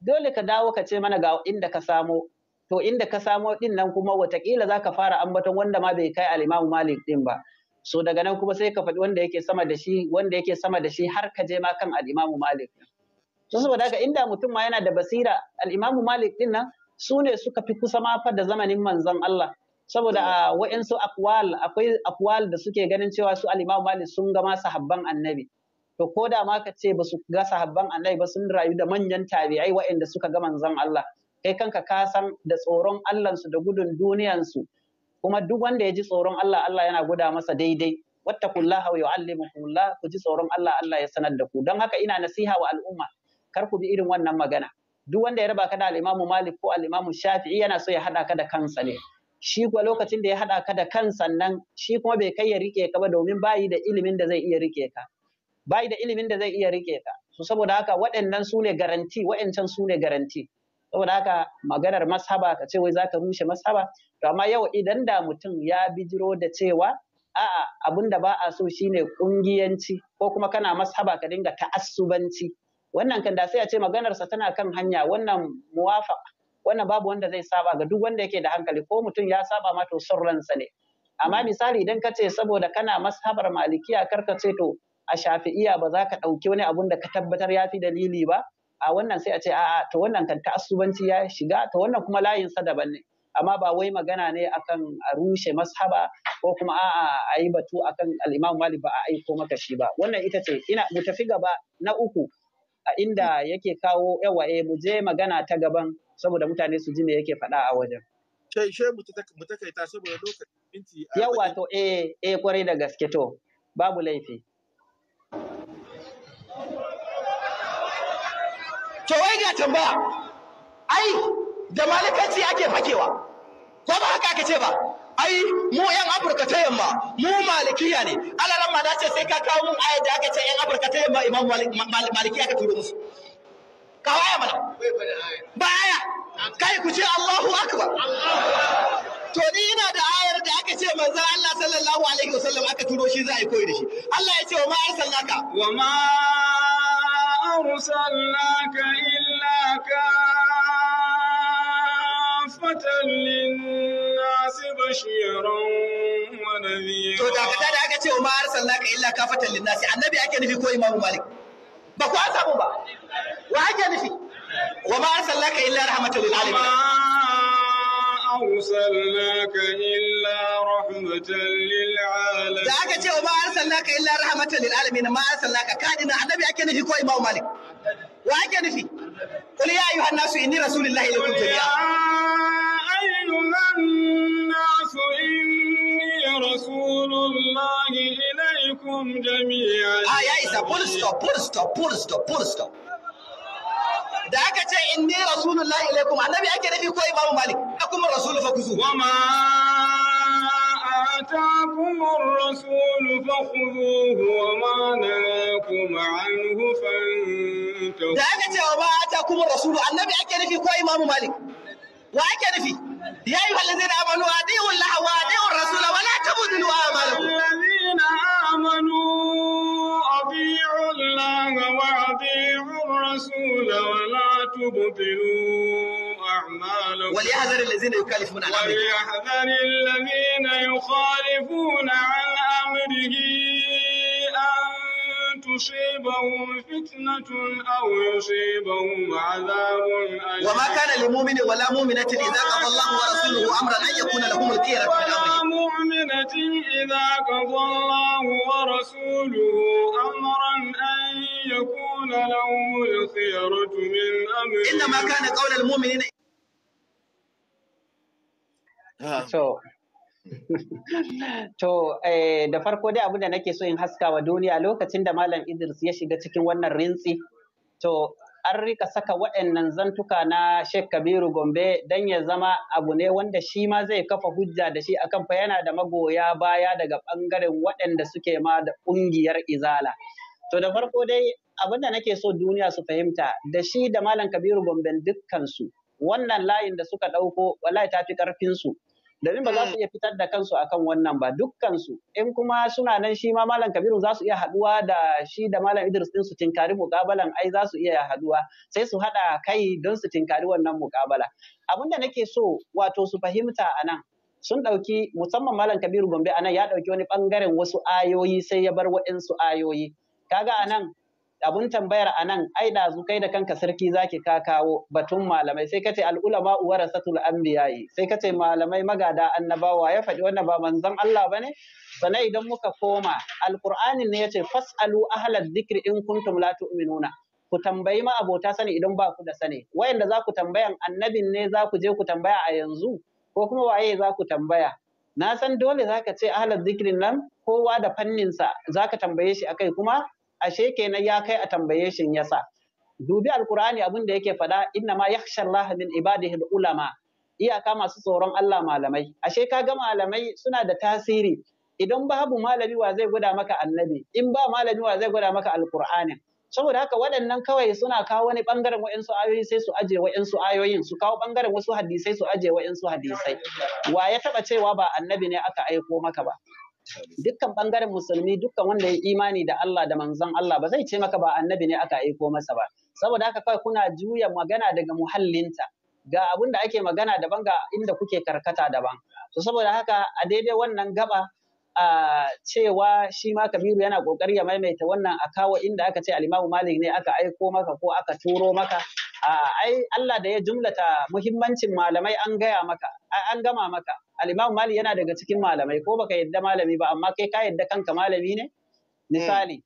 dole ka dawo ka ce mana ga inda ka samo to inda ka samo din nan kuma watakila za ka fara ambaton wanda ma bai kai alimamu malik din ba so daga nan kuma sai ka faɗi wanda yake sama da shi wanda yake sama da shi har ka je ma kan al'imamu malik saboda haka inda mutum ma yana da basira al'imamu malik din nan su ne suka fi kusa mafa da zamanin manzon Allah saboda a wa'insu akwal akwai akwal da suke ganin cewa su al-Imam sun ga sahabban Annabi to ko da ma ka ce ba su ga sahabban Annabi ba sun rayu da manyan tabi'ai wa'inda suka ga manzon Allah kai kanka ka san da tsoron Allah da gudun duniyansu kuma duk wanda ya ji tsoron Allah Allah yana guda masa daidai wattaqullaha wa kula ku ji tsoron Allah Allah ya sanar da ku don haka ina nasiha wa al'umma kar ku bi irin wannan magana duk wanda ya raba ka da al'imamu malik ko al'imamu shafi'i yana so ya haɗa ka da kansa ne shi kuwa lokacin da ya haɗa ka da kansa nan shi kuma bai kai ya rike ka ba domin bayi da ilimin da zai iya rike ka bayi da ilimin da zai iya rike ka so saboda haka waɗannan su ne garanti waɗancan su ne garanti saboda haka maganar mashaba ka ce wai zaka rushe mashaba to amma yau idan da mutum ya bijiro da cewa a'a abun da ba a so shine kungiyanci ko kuma kana mashaba ka dinga ta'assubanci wannan kan da sai a ce maganarsa tana kan hanya wannan muwafa wannan babu wanda zai saba ga duk wanda yake da hankali ko mutum ya saba ma to sirransa ne amma hmm. misali idan ka ce saboda kana mashabar malikiya kar ka ce to a shafi'iya ba za ka ɗauki wani abun da ka tabbatar ya fi dalili ba a wannan sai a ce a'a to wannan kan ta'assubanci ya shiga to wannan kuma layin sa daban ne amma ba wai magana ne akan a rushe mashaba ko kuma a'a a yi batu akan al-Imam Malik ba a aiko maka shi ba wannan ita ce ina mu tafi gaba na uku a inda yake kawo yawa eh, mu je magana ta gaban saboda mutane su ji me yake faɗa a wajen. Kai she mu ta saboda lokaci minti. Yawa to eh eh kwarai da gaske to babu laifi. To wai ga tambaya ai da malikanci ake fakewa ko ba haka ake ce ba ai mu yan afirka ta yamma mu malikiya ne alalan ma na ce sai ka kawo mun aya da aka ce yan afirka ta yamma imam malikiya ka turo musu kawo aya mana ba aya kai ku ce allahu akbar to ni ina da ayar da aka ce manzon allah sallallahu alaihi wasallam aka turo shi za a yi koyi da shi allah ya ce wa ma arsalnaka wa ma arsalnaka illa ka lin to da ka da aka ce wa ma illa kafatan linnasi annabi ake nufi ko malik ba ku an samu ba wa ake nufi wa ma arsalnaka illa rahmatan lil alamin da aka ce wa ma illa rahmatan lil alamin ma ake nufi ko imamu malik wa ake nufi qul ya ayyuhan nasu jami'a الناس إني رسول الله إليكم جميعا آه يا إيسا full stop full da aka ce inni rasulullahi ilaikum annabi ake nufi ko imamu malik kuma rasul fa kuzu wa ma آتاكم الرسول فخذوه وما نهاكم عنه فانتهوا da aka ce wa ma آتاكم الرسول annabi ake nufi ko imamu malik wa ake nufi يا أيها الذين آمنوا أطيعوا الله وأطيعوا الرسول ولا تبطلوا أعمالكم الذين آمنوا أطيعوا الله وأطيعوا الرسول ولا تبطلوا أعمالكم وليحذر الذين يخالفون عن أمره وليحذر الذين يخالفون عن أمره تصيبهم فتنة أو يصيبهم عذاب أليم وما كان لمؤمن ولا مؤمنة إذا قضى الله ورسوله أمرا أن يكون لهم الخيرة من أمرهم مؤمنة إذا قضى الله ورسوله أمرا أن يكون لهم الخيرة من أمرهم إنما كان قول المؤمنين So, to eh, da farko dai abin da nake so in haska wa duniya lokacin da Malam Idris ya shiga cikin wannan rintsi to an rika saka waɗannan zantuka na Sheikh Kabiru Gombe don ya zama abu ne wanda shi ma zai kafa hujja da shi akan fa yana da magoya baya daga ɓangaren waɗanda suke ma da ƙungiyar Izala. To da farko dai abin da nake so duniya su fahimta da shi da Malam Kabiru Gombe dukkansu wannan layin da suka ɗauko wallahi ta fi ƙarfinsu. domin ba za su ah. iya fitar da kansu akan wannan ba dukkansu in kuma suna nan shi ma malam kabiru za su iya haduwa da shi da malam idris din su tinkari mukabalan ai za su iya haduwa sai su hada kai don su tinkari wannan mukabala abin da nake so wato su fahimta a nan sun ɗauki musamman malam kabiru gombe a nan ya ɗauki wani bangaren wasu ayoyi sai ya bar waɗansu ayoyi kaga a nan abun tambayar a nan, ai ɗazu kai da kanka sarki zaki ka kawo batun malamai sai kace al ulama warasatul anbiya'i sai kace malamai magada annabawa ya faɗi wannan ba manzon Allah bane sana idan muka koma alqur'ani ne yace fasalu ahlad dhikri in kuntum la tu'minuna ku tambayi ma abota sani idan ba ku da sani wayanda za ku tambayan annabin ne za ku je ku tambaya a yanzu ko kuma waye za ku tambaya na san dole za ka ce ahlad zikirin nan kowa da fanninsa za ka tambaye shi akai kuma ashe kenan ya kai a tambaye shi yasa dubi alkur'ani abin da yake faɗa inna ma yakhsha Allah min ibadihi ulama iyaka masu tsoron Allah malamai ashe ka ga malamai suna da tasiri idan babu malami wa zai gwada maka annabi in ba malami wa zai gwada maka alkur'ani saboda haka waɗannan kawai suna kawo wani ɓangaren wa'insu ayoyi sai su aje wa'insu ayoyin su kawo ɓangaren wasu hadisai su aje wa'insu hadisai wa ya taɓa cewa ba annabi ne aka aiko maka ba dukkan ɓangaren musulmi dukkan wanda ya imani da Allah da manzon Allah ba zai ce maka ba annabi ne aka aiko masa ba saboda haka kawai kuna juya magana daga muhallinta ga abin ake magana daban ga inda kuke karkata daban to saboda haka a daidai wannan gaba a cewa shi ma kabiru yana kokari ya maimaita wannan a kawo inda aka ce alimamu malik ne aka aiko maka ko aka turo maka ai Allah da ya jumlata muhimmancin malamai an gaya maka an gama maka alimamu malik yana daga cikin malamai ko baka yadda malami ba amma kai ka yadda kanka malami ne hmm. misali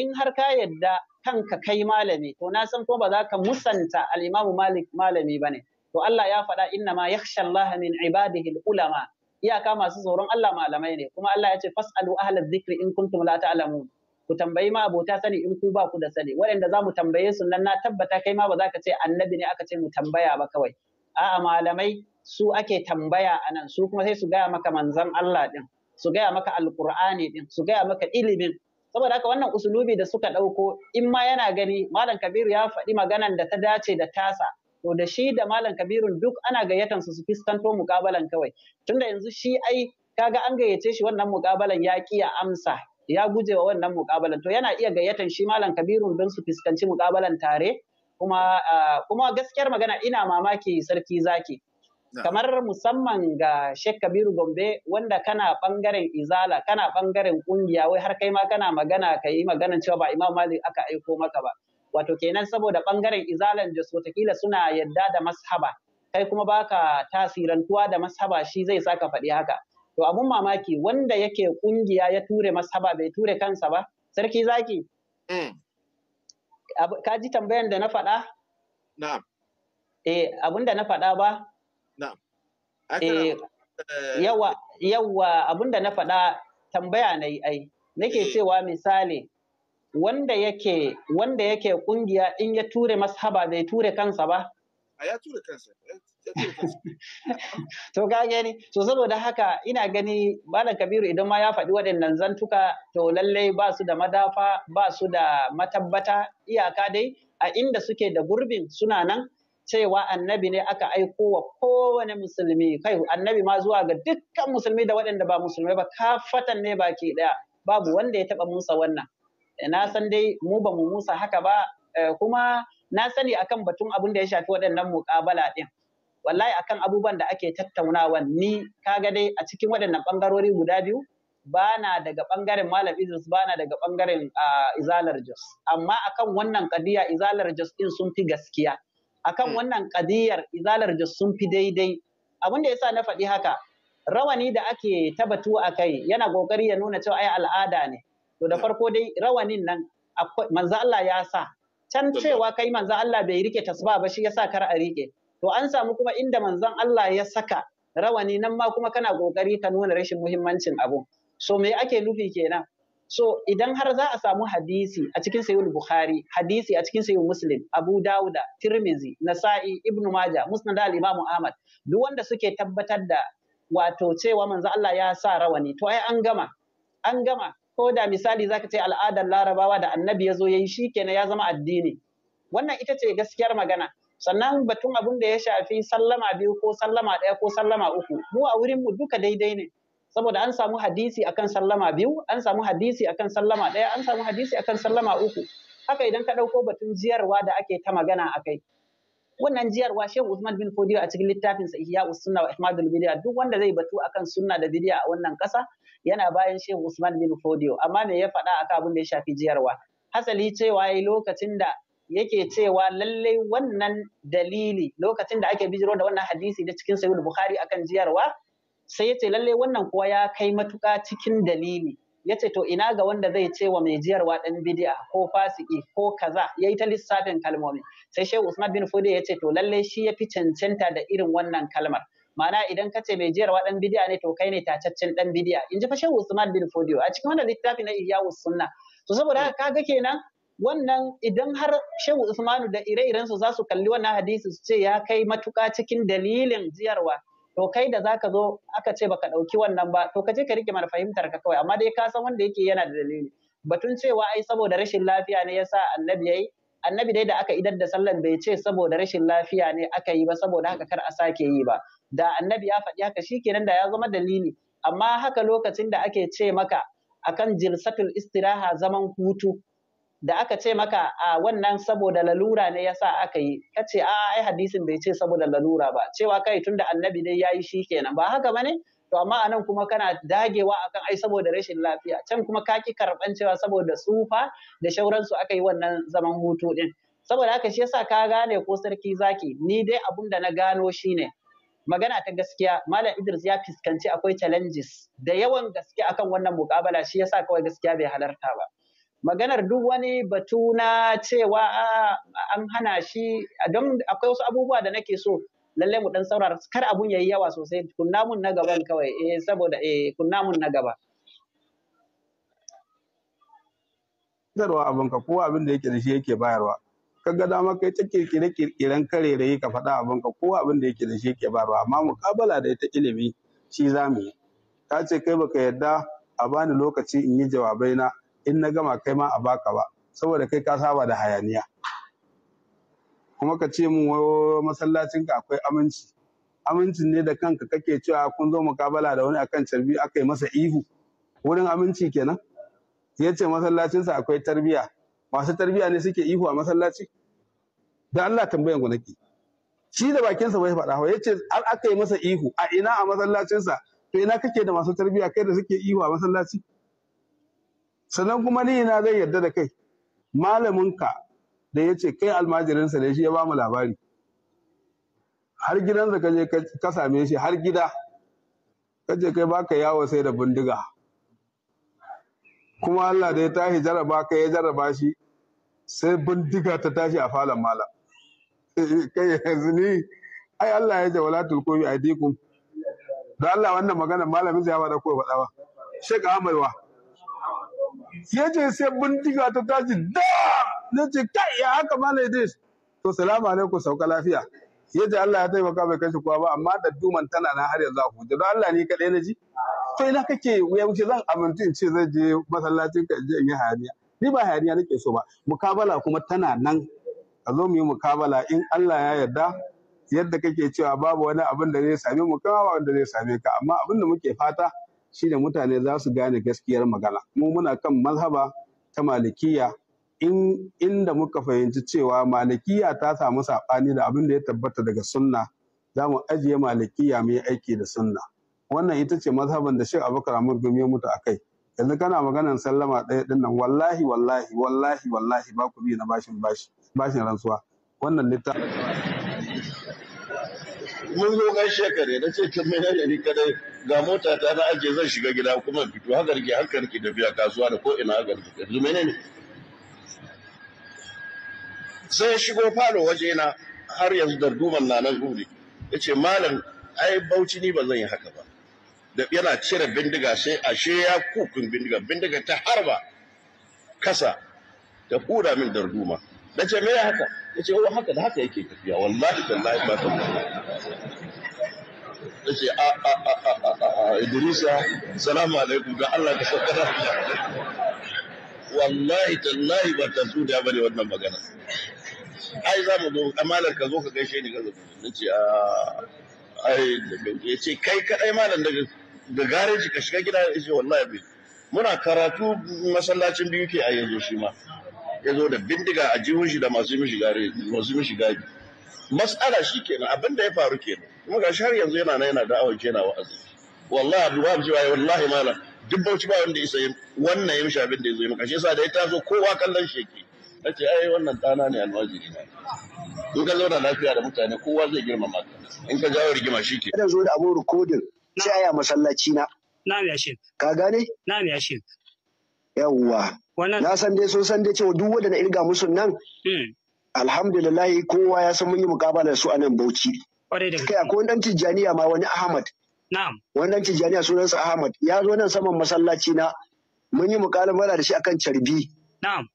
in har ka yadda kanka kai malami to na san ko ba za ka musanta alimamu malik malami ba ne to Allah ya faɗa inna ma yakhsha Allah min ibadihi ulama iyaka masu tsoron Allah malamai ne kuma Allah ya ce fasalu ahlaz zikri in kuntum la ta'lamun ku tambayi ma abota sani in ku ba ku da sani waɗanda za mu tambaye su nan na tabbata kai ma ba za ka ce annabi ne aka ce mu tambaya ba kawai a'a malamai su ake tambaya anan, su kuma sai su gaya maka manzan Allah din su gaya maka alkur'ani din su gaya maka ilimin saboda haka wannan usulubi da suka ɗauko in ma yana gani malam kabiru ya faɗi maganan da ta dace da tasa to da shi da malam kabirun duk ana gayyatan su su fuskanto mukabalan kawai tunda yanzu shi ai kaga an gayyace shi wannan mukabalan ya kiya amsa ya guje wa wannan mukabalan to yana iya gayyatan shi malam kabirun don su fuskanci mukabalan tare kuma kuma gaskiyar magana ina mamaki sarki zaki kamar musamman ga Sheikh Kabiru Gombe wanda kana bangaren izala kana bangaren kungiya wai har kai ma kana magana kayi maganan magana cewa ba Imam Malik aka aiko maka ba wato kenan saboda bangaren izalan da sotakila suna yadda da mashaba kai kuma baka tasirantuwa da mashaba shi zai saka faɗi haka to abun mamaki wanda yake kungiya ya ture mashaba bai ture kansa ba sarki zaki mm. ka ji tambayan da na faɗa na'am eh abun da na faɗa ba na'am eh, eh yawa yawa abun da na faɗa tambaya na yi ai nake eh. cewa misali wanda yake wanda yake kungiya in ya ture mashaba bai ture kansa ba a ya ture kansa to ka gani so saboda haka ina gani malam kabiru idan ma ya faɗi waɗannan zantuka to lallai ba su da madafa ba su da matabbata iyaka dai a inda suke da gurbin suna nan cewa annabi ne aka aiko wa kowane musulmi kai annabi ma zuwa ga dukkan musulmi da waɗanda ba musulmai ba kafatan ne baki ɗaya babu wanda ya taɓa musa wannan na san dai mu ba mu musa haka ba eh, kuma na sani akan batun abin da ya shafi waɗannan muƙabala ɗin wallahi akan abubuwan da ake tattaunawa ni kaga dai a cikin waɗannan ɓangarori guda biyu ba na daga ɓangaren malam Idris ba na daga ɓangaren ah, izalar Jos amma akan wannan kadiya izalar Jos ɗin sun fi gaskiya akan hmm. wannan kadiyar izalar Jos sun fi daidai abin da yasa na faɗi haka rawani da ake tabatu a kai yana ƙoƙari ya nuna cewa ai al'ada ne To da farko dai rawanin nan manzo Allah ya sa can cewa kai manzo Allah bai rike tasba ba shi yasa kar a rike. To an samu kuma inda manzon Allah ya saka rawani nan ma kuma kana kokari ka nuna rashin muhimmancin abu. So me ake nufi kenan? So idan har za a samu hadisi a cikin sayyid Bukhari, hadisi a cikin sayyid Muslim, Abu Dawuda, Tirmizi, Nasa'i, Ibn Majah, Musnad al-Imam Ahmad, duk wanda suke tabbatar da wato cewa manzo Allah ya sa rawani, to ai an gama. An gama ko da misali zaka ce al'adar larabawa da annabi ya zo ya yi shi kenan ya zama addini wannan ita ce gaskiyar magana sannan batun abin da ya shafi sallama biyu ko sallama ɗaya ko sallama uku mu a wurin mu duka daidai ne saboda an samu hadisi akan sallama biyu an samu hadisi akan sallama ɗaya an samu hadisi akan sallama uku haka idan ka ɗauko batun jiyarwa da ake ta magana a kai wannan jiyarwa shehu usman bin fodiyo a cikin littafinsa ihya Usman wa ihmadul bidiya duk wanda zai batu akan sunna da bidiya a wannan ƙasa yana bayan shehu Usman bin Fodio amma me ya faɗa akan abin da ya shafi jiyarwa hasali cewa yayi lokacin da yake cewa lallai wannan dalili lokacin da ake bijiro da wannan hadisi da cikin sahih Bukhari akan jiyarwa sai ya ce lallai wannan kuwa ya kai matuka cikin dalili yace to ina ga wanda zai ce wa mai jiyarwa dan bid'a ko fasiki ko kaza yayi ta lissafin kalmomi sai shehu Usman bin Fodio ce to lallai shi ya fi cancanta da irin wannan kalmar ma'ana idan ka ce mai jiyarwa dan bidiya ne to kai ne tacaccen dan bidiya in ji fa shehu Usman bin Fodiyo a cikin wannan littafi na iya Sunna to saboda haka kaga kenan wannan idan har shehu Usmanu da ire iren su za su kalli wannan hadisi su ce ya kai matuƙa cikin dalilin jiyarwa to kai da zaka zo aka ce baka ɗauki wannan ba to ka je ka rike mana fahimtar ka kawai amma dai ka san wanda yake yana da dalili batun cewa ai saboda rashin lafiya ne yasa annabi yayi annabi dai da aka idar da sallan bai ce saboda rashin lafiya ne aka yi ba saboda haka kar a sake yi ba da annabi ya faɗi haka shikenan da ya zama dalili amma haka lokacin da ake ce maka akan jilsatul istiraha zaman hutu da aka ce maka a wannan saboda lalura ne yasa aka yi kace a ai hadisin bai ce saboda lalura ba cewa kai tun da annabi dai ya yayi kenan ba haka bane to amma anan kuma kana dagewa akan ai saboda rashin lafiya can kuma ka ki karban cewa saboda tsufa da shauransu aka yi wannan zaman hutu din saboda haka shi yasa ka gane ko sarki zaki ni dai abun da na gano shine magana ta gaskiya Malam Idris ya fuskanci akwai challenges da yawan gaske akan wannan mukabala shi yasa kawai gaskiya bai halarta ba. Maganar duk wani batu na cewa an hana shi don akwai wasu abubuwa da nake so lallai mu dan saurara kar abun yayi yawa sosai kunna mun na gaban kawai eh saboda eh kunna mun na gaba. Darwa abin ka ko abin da yake da shi yake bayarwa. ka ga dama kai ta kirkire kirkiren karerayi ka faɗa abin ka ko abin da yake da shi ke ba amma mukabala da ita ilimi shi za mu yi ka ce kai baka yarda a bani lokaci in yi jawabai na in na gama kai ma a baka ba saboda kai ka saba da hayaniya kuma ka ce mun wayo masallacin ka akwai aminci amincin ne da kanka kake cewa kun zo mukabala da wani akan carbi aka yi masa ihu wurin aminci kenan ya ce masallacinsa akwai tarbiya masu tarbiya ne suke ihu a masallaci da Allah tambayan ku nake shi da bakinsa bai faɗa ya ce har aka yi masa ihu a ina a masallacinsa to ina kake da masu tarbiyya kai da suke ihu a masallaci sannan kuma ni ina zai yarda da kai malamin ka da ya ce kai almajirinsa ne shi ya bamu labari har gidan ka je ka same shi har gida ka kai baka yawo sai da bindiga kuma Allah da ya tashi jaraba ka ya jaraba shi sai bindiga ta tashi a falon malam kai yanzu ni ai Allah ya jawala tulko a dikun. da Allah wannan magana malamin zai da ko faɗa ba Sheikh Ahmad Ya yace sai bindiga ta tashi da nace kai ya haka malam Idris to salamu alaikum sauka lafiya yace Allah ya taimaka bai kashe kowa ba amma da duman tana nan har yanzu a huta don Allah ni kadai na ji to ina kake ya zan amintu in ce zai je masallacin ka in je in yi hayaniya ni ba hayaniya nake so ba mukabala kuma tana nan a zo mu yi mukabala in Allah ya yarda yadda kake cewa babu wani abin da zai same mu kawai wanda zai same ka amma abin da muke fata shine mutane za su gane gaskiyar magana mu muna kan mazhaba ta malikiya in inda muka fahimci cewa malikiya ta samu saɓani da abin da ya tabbata daga sunna za mu ajiye malikiya mu yi aiki da sunna wannan ita ce mazhaban da Sheikh abubakar amur ya mutu akai yanzu kana maganar sallama ɗaya ɗin wallahi wallahi wallahi wallahi ba ku bi na bashin bashi bashin rantsuwa wannan littafin mun zo gaishe ka ne ce tun mai na ni kadai ga mota ta na ajiye zan shiga gida kuma fito haka rike haka da tafiya kasuwa da ko ina haka rike yanzu ne sai shigo falo waje na har yanzu darduman na nan guri ya ce malam ai bauchi ni ba zan yi haka ba da yana cire bindiga sai ashe ya kukun bindiga bindiga ta harba kasa ta kura min darduma na ce me haka ya ce o oh, haka da haka yake tafiya wallahi tallahi ba ta na ce a a a a a a idrisa salamu alaikum ga Allah ka sauka lafiya wallahi tallahi ba ta su ya bari wannan magana ai za mu zo amalar ka zo ka gaishe ni ga zuwa na ce a ai ya ce kai kadai malam daga da gareji ka shiga gida ya ce wallahi bai muna karatu masallacin biyu ke a yanzu shi ma ya zo da bindiga a jihun shi da masu yin shigari masu mishi gadi mas'ala shi kenan abin da ya faru kenan kuma ga har yanzu yana yana da'awar kenan wa'azi wallahi ba wahab ji wallahi malam duk bauchi ba wanda isa wannan ya mishi abin da ya zo yi makashi yasa da ya taso kowa kallon shi yake ce ai wannan dana ne almajiri na in ka zauna lafiya da mutane kowa zai girmama ka in ka jawo rigima shi ke. zo da abun rikodin sai yi masallaci na. Na ne yashin. Ka gane? Na ne yashin. Yawwa. na san dai sun san dai cewa duk wanda na irga musu nan hmm. alhamdulillah kowa ya san mun yi mukabala su a nan Bauchi kai akwai wani dan Tijjaniya ma wani Ahmad na'am wani dan Tijjaniya sunansa Ahmad ya zo nan saman masallaci na mun yi mukalamara da shi akan carbi na'am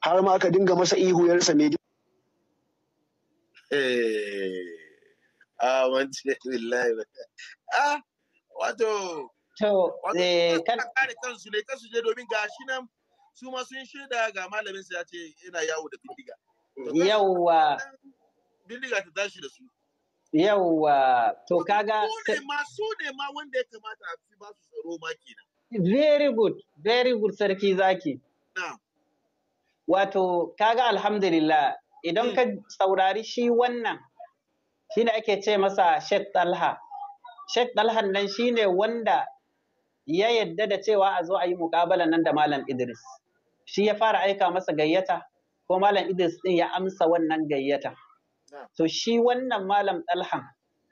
har ma aka dinga masa ihu ya rasa mai a wance billahi Ah, wato to eh kan kansu ne kansu je domin gashi nan su ma sun shaida ga malamin su ya ce ina yawo da bindiga yawwa bindiga ta tashi da su yawwa to kaga su ne ma su ne ma wanda ya kamata a fi ba su tsaro ma kenan very good very good sarki zaki na'am wato kaga alhamdulillah idan ka saurari shi wannan shi ne ake ce masa Sheikh Talha Sheikh Talha nan shi ne wanda ya yadda da cewa a zo a yi mukabala nan da Malam Idris shi ya fara aika masa gayyata ko malam Idris din ya amsa wannan gayyata to shi wannan malam Dalhan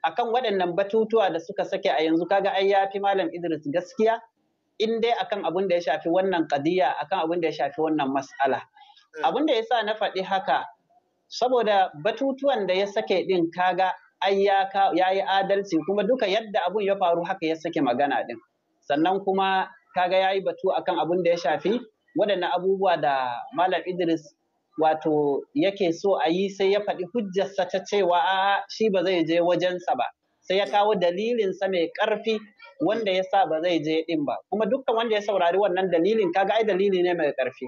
akan waɗannan batutuwa da suka sake a yanzu kaga ai ya fi malam Idris gaskiya in dai akan abin da ya shafi wannan kadiya akan abin da ya shafi wannan mas'ala eh. abin da yasa na faɗi haka saboda batutuwan da ya sake din kaga ai ya yi adalci kuma duka yadda abun ya faru haka ya sake magana din sannan kuma kaga ya yi batu akan abin da ya shafi waɗannan abubuwa da Malam Idris wato yake so a yi sai ya faɗi hujjarsa ta cewa a shi ba zai je wajensa ba sai ya kawo dalilinsa mai ƙarfi wanda ya sa ba zai je ɗin ba kuma dukkan wanda ya saurari wannan dalilin kaga ai dalili ne mai ƙarfi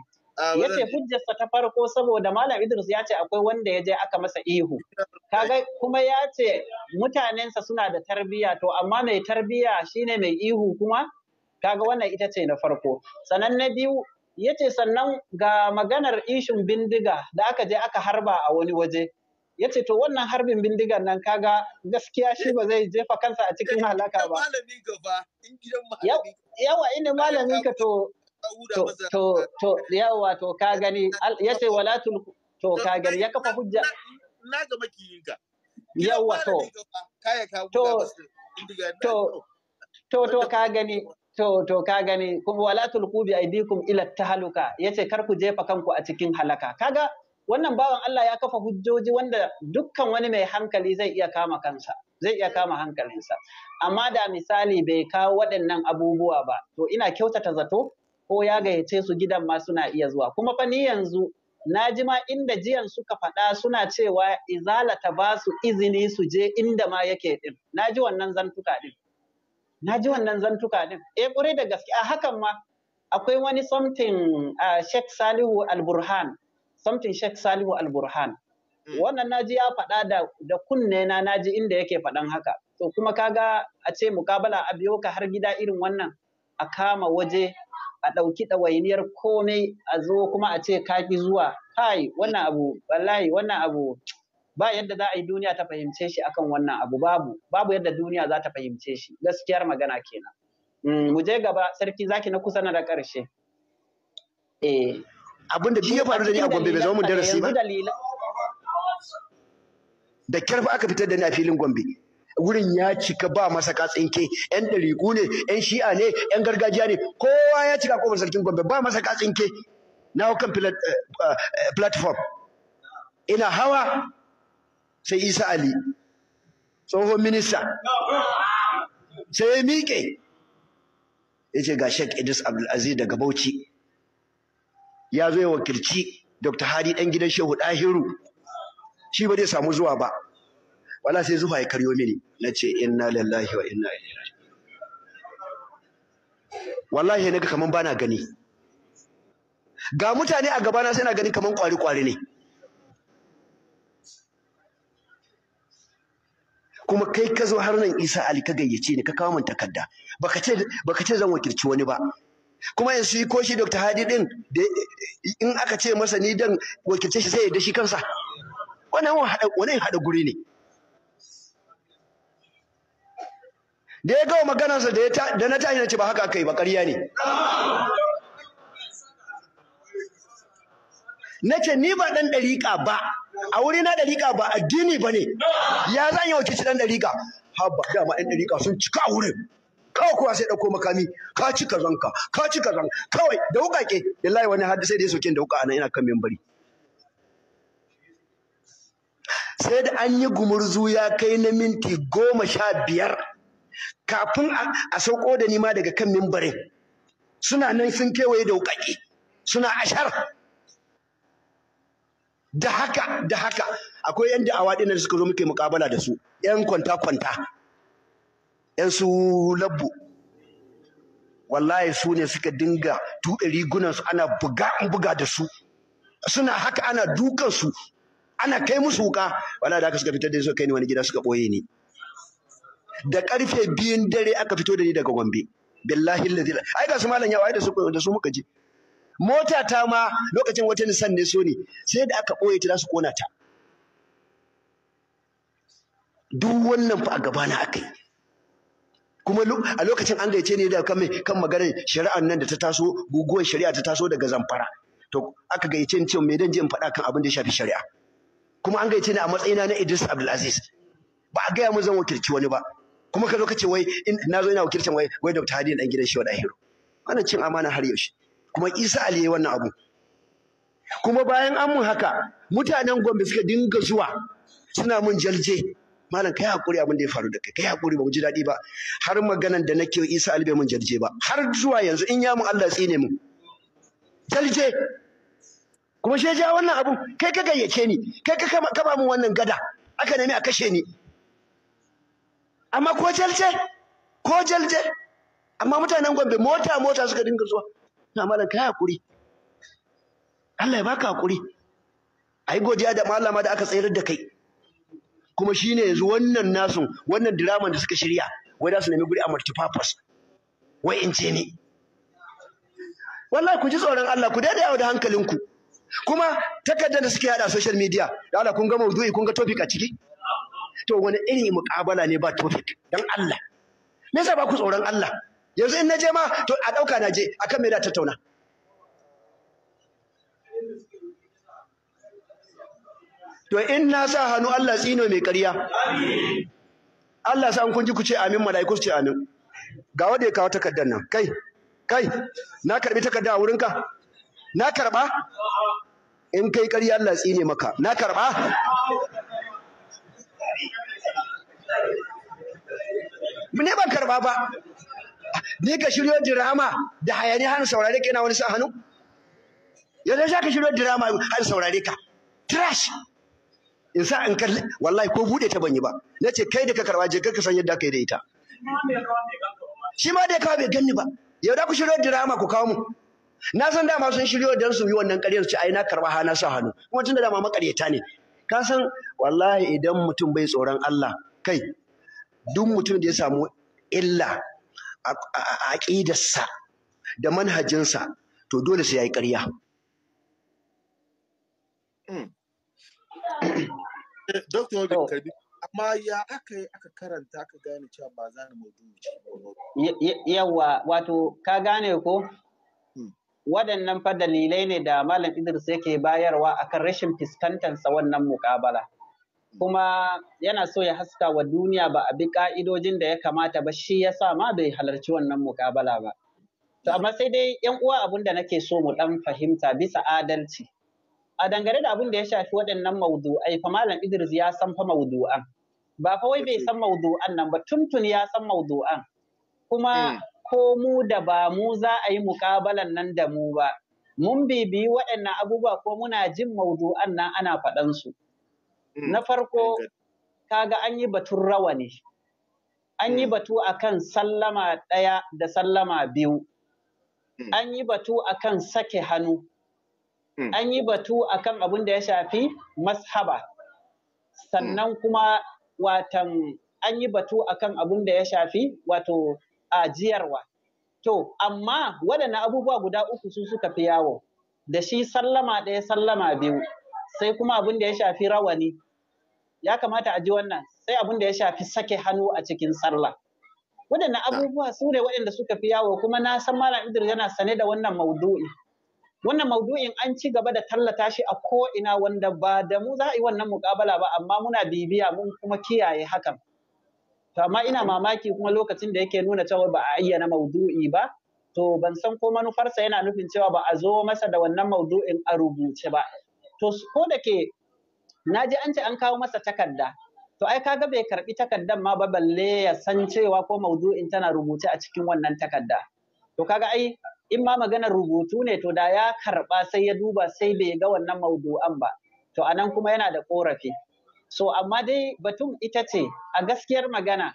ya ce hujjarsa ta farko saboda malam idris ya ce akwai wanda ya je aka masa ihu kaga kuma ya ce mutanensa suna da tarbiyya to amma mai tarbiyya shine mai ihu kuma kaga wannan ita ce na farko sannan na biyu ya ce sannan ga maganar ishin bindiga da aka je aka harba a wani waje ya ce to wannan harbin bindigan nan kaga gaskiya shi ba zai jefa kansa a cikin halaka ba yawa ina malami ka to to to yawa to ka gani ya ce wala to ka gani ya kafa hujja na ga makiyinka yawa to to to to ka gani to to ka gani kuma wala tulku bi aidikum ila tahaluka yace kar ku jefa kanku a cikin halaka kaga wannan bawan Allah ya kafa hujjoji wanda dukkan wani mai hankali zai iya kama kansa zai iya kama hankalinsa amma da misali bai kawo waɗannan abubuwa ba to ina kyautata zato ko ya gayyace su gidan ma suna iya zuwa kuma fa ni yanzu na ji ma inda jiyan suka faɗa suna cewa izalata ba su izini su je inda ma yake ɗin. na ji wannan zantuka din na ji wannan zantuka din E, eh, kure da gaske a hakan ma akwai wani something uh, Sheikh Salihu Al-Burhan something Sheikh Salihu Al-Burhan hmm. wannan naji ya faɗa da da kunne na naji inda yake faɗan haka to kuma kaga a ce mukabala a biyo ka har gida irin wannan a kama waje a ɗauki ɗawainiyar komai a zo kuma a ce kaki zuwa kai wannan abu wallahi wannan abu ba yadda za a yi duniya ta fahimce shi akan wannan abu babu babu yadda duniya za ta fahimce shi gaskiyar magana kenan mm, mu je gaba sarki zaki na kusa na da ƙarshe eh abin da ya faru da ni a Gombe bai zama mun darasi ba da kyarfa aka fitar da ni a filin Gombe wurin ya cika ba masa katsinke yan ɗariƙu ne yan shi'a ne yan gargajiya ne kowa ya cika kofar sarkin gombe ba masa katsinke na kan eh, eh, platform ina hawa sai Isa Ali tsohon minista sai ya miƙe ya ce ga Sheikh Idris Abdulaziz daga Bauchi ya zo ya wakilci Dr. Hadi ɗan gidan Shehu Ɗahiru shi ba zai samu zuwa ba wala sai zuwa ya karyo mini na ce inna lillahi wa inna ilaihi raji'un wallahi naga kaman bana gani ga mutane a gabana sai na gani kaman kwari-kwari ne kuma kai ka zo har nan Isa Ali ka gayyace ni ka kawo min takarda baka ce ce zan wakilci wani ba kuma yanzu shi ko shi Dr. Hadi din in aka ce masa ni dan wakilce shi sai ya dashi kansa wannan wani hada guri ne da ya gawa maganarsa da na tashi na ce ba haka aka yi ba ƙarya ne na ce ni ba ɗan ɗariƙa ba a wuri na dariƙa ba addini ba ne ya zan yi wakilci dan dariƙa haba dama ɗan dariƙa sun cika a wurin kawai kuwa sai ɗauko makami ka ci ka zanka ka ci ka zanka kawai da wuƙaƙe wallahi wani hadisi sai dai sokin da wuƙa ana, ina kan membari sai da an yi gumurzu ya kai na minti goma sha biyar kafin a sauko da nima daga kan membari, suna nan sun kewaye da wuƙaƙe suna ashar da haka da haka akwai yan da'awa ɗin da suka zo muke mukabala da su yan kwanta kwanta yan su labbu wallahi su ne suka dinga tuɗe rigunan su ana buga buga da su suna haka ana dukan su ana kai musu wuka wallahi da aka suka fitar da su kai ni wani gida suka boye ni da karfe biyun dare aka fito da ni daga Gombe billahi lazi ai ga su malam yawa ai da su da su muka je mota ta ma lokacin wata nisan ne so ne sai da aka ɓoye ta za su ƙona ta duk wannan fa a gabana aka yi kuma a lokacin an gaice ne da kan kan maganar shari'ar nan da ta taso guguwar shari'a ta taso daga zamfara to aka gaice ni cewa me dan je in faɗa kan abin da ya shafi shari'a kuma an gaice ni a matsayina na Idris Abdulaziz ba a gaya mu zan wakilci wani ba kuma ka zo ka ce wai na zo ina wakilcin wai wai Dr. Hadi dan gidan Shehu Dahiru wannan cin amana har yaushe kuma Isa Ali yayi wannan abu kuma bayan an mun haka mutanen Gombe suka dinga zuwa suna mun jalje malam kai hakuri abin da ya faru da kai kai hakuri ba mu ji daɗi ba har maganan da nake Isa Ali bai mun jalje ba har zuwa yanzu in ya mun Allah tsine mu jalje kuma shi ja wannan abu kai ka gayyace ni kai ka kama mun wannan gada aka nemi a kashe ni amma ko jalje ko jalje amma mutanen Gombe mota mota suka dinga zuwa malam kai hakuri Allah ya baka hakuri ai godiya da malama da aka tsayar da kai kuma shine yanzu wannan nasu wannan diraman da suka shirya wai za su nemi guri a multipurpose wai in ce ni wallahi ku ji tsoron Allah ku daidai yawo da hankalinku kuma takardar da suke yada social media da Allah kun ga maudu'i kun ga topic a ciki to wani irin muƙabala ne ba topic dan Allah me yasa ba ku tsoron Allah yanzu in na je ma to a ɗauka na je akan me da tattauna to in na sa hannu Allah tsino mai ƙarya Allah sa an kun ji ku ce amin mala'iku su ce amin ga wanda ya kawo takardar nan kai kai na karbi takarda a wurinka na karba in kai ƙarya Allah tsine maka na karba ne ban karba ba ni ka shiryo dirama da hayani hannu saurare ka yana wani san hannu yanzu za ka shiryo dirama hannu saurare ka trash in sa in kalli wallahi ko bude ta banyi ba na ce kai da ka karba je ka san yadda kai da ita shi ma da ya kawo bai ganni ba yau da ku shiryo dirama ku kawo mu na san dama sun shiryo don su yi wannan ƙaryar su ce ai na karba ha na sa hannu kuma tun da dama maƙaryata ne ka san wallahi idan mutum bai tsoron Allah kai duk mutum da ya samu illa a aƙidarsa da manhajinsa to dole sai ya yi ƙarya. Dokta amma ya aka yi aka karanta aka gane cewa ba za mu maudu'i Yawwa, wato ka gane ko? Hmm. Waɗannan fa dalilai ne da Malam Idris yake bayarwa akan rashin fuskantarsa wannan muƙabala. kuma yana so ya haska wa duniya ba a bi ka'idojin da ya kamata ba shi ya sa ma bai halarci wannan mukabala ba. To amma sai dai yan uwa abun da nake so mu dan fahimta bisa adalci. A dangane da abun da ya shafi waɗannan maudu'ai fa Malam Idris ya san fa maudu'an. Ba fa wai bai san maudu'an nan ba tuntun ya san maudu'an. Kuma hmm. ko mu da ba mu za a yi mukabalan nan da mu ba. Mun bibiyi waɗannan abubuwa ko muna jin maudu'an nan ana faɗansu. su. Hmm, Na farko, kaga an yi batun rawani, an yi hmm. batu akan sallama ɗaya da sallama biyu, hmm. an yi batu akan sake hannu, an yi batu akan abin da ya shafi mashaba, sannan kuma watan an yi batu akan abin da ya shafi wato ajiyarwa. To, amma waɗannan abubuwa guda uku su suka fi yawo, da shi sallama ɗaya sallama biyu, sai kuma abin da ya shafi rawani. ya kamata a ji wannan sai abin da ya shafi sake hannu a cikin sallah waɗannan abubuwa su ne waɗanda suka fi yawo kuma na san malam Idris yana sane da wannan maudu'i wannan maudu'in an ci gaba da tallata shi a ko'ina ina wanda ba da mu za a yi wannan muƙabala ba amma muna bibiya mun kuma kiyaye hakan to amma ina mamaki kuma lokacin da yake nuna cewa ba a ayyana maudu'i ba to ban san ko manufarsa yana nufin cewa ba a zo masa da wannan maudu'in a rubuce ba to ko da ke na ji an ce an kawo masa takarda to ai kaga bai karbi takardan ma ba balle ya san cewa ko maudu'in tana rubuce a cikin wannan takarda to kaga ai in ma maganar rubutu ne to da ya karba sai ya duba sai bai ga wannan maudu'an ba to anan kuma yana da korafi so amma dai batun ita ce a gaskiyar magana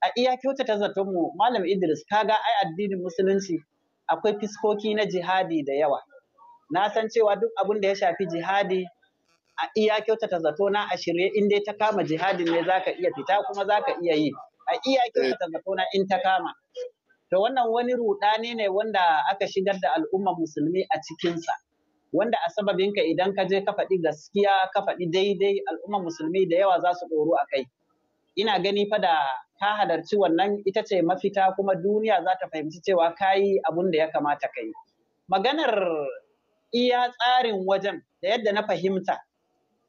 a iya zaton mu malam idris kaga ai addinin musulunci akwai fiskoki na jihadi da yawa na san cewa duk abin da ya shafi jihadi a iya kyautata zato na a shirye in dai ta kama jihadin ne zaka iya fita kuma zaka iya yi a iya kyautata eh. zato na in ta kama to wannan wani rudani ne wanda aka shigar da al'umma musulmi a cikinsa wanda a sababin ka idan ka je ka faɗi gaskiya ka faɗi daidai al'ummar musulmi da yawa za su ɗoro a kai ina gani fa da ka halarci wannan ita ce mafita kuma duniya za ta fahimci cewa ka yi abun da ya kamata ka yi maganar iya tsarin wajen da yadda na fahimta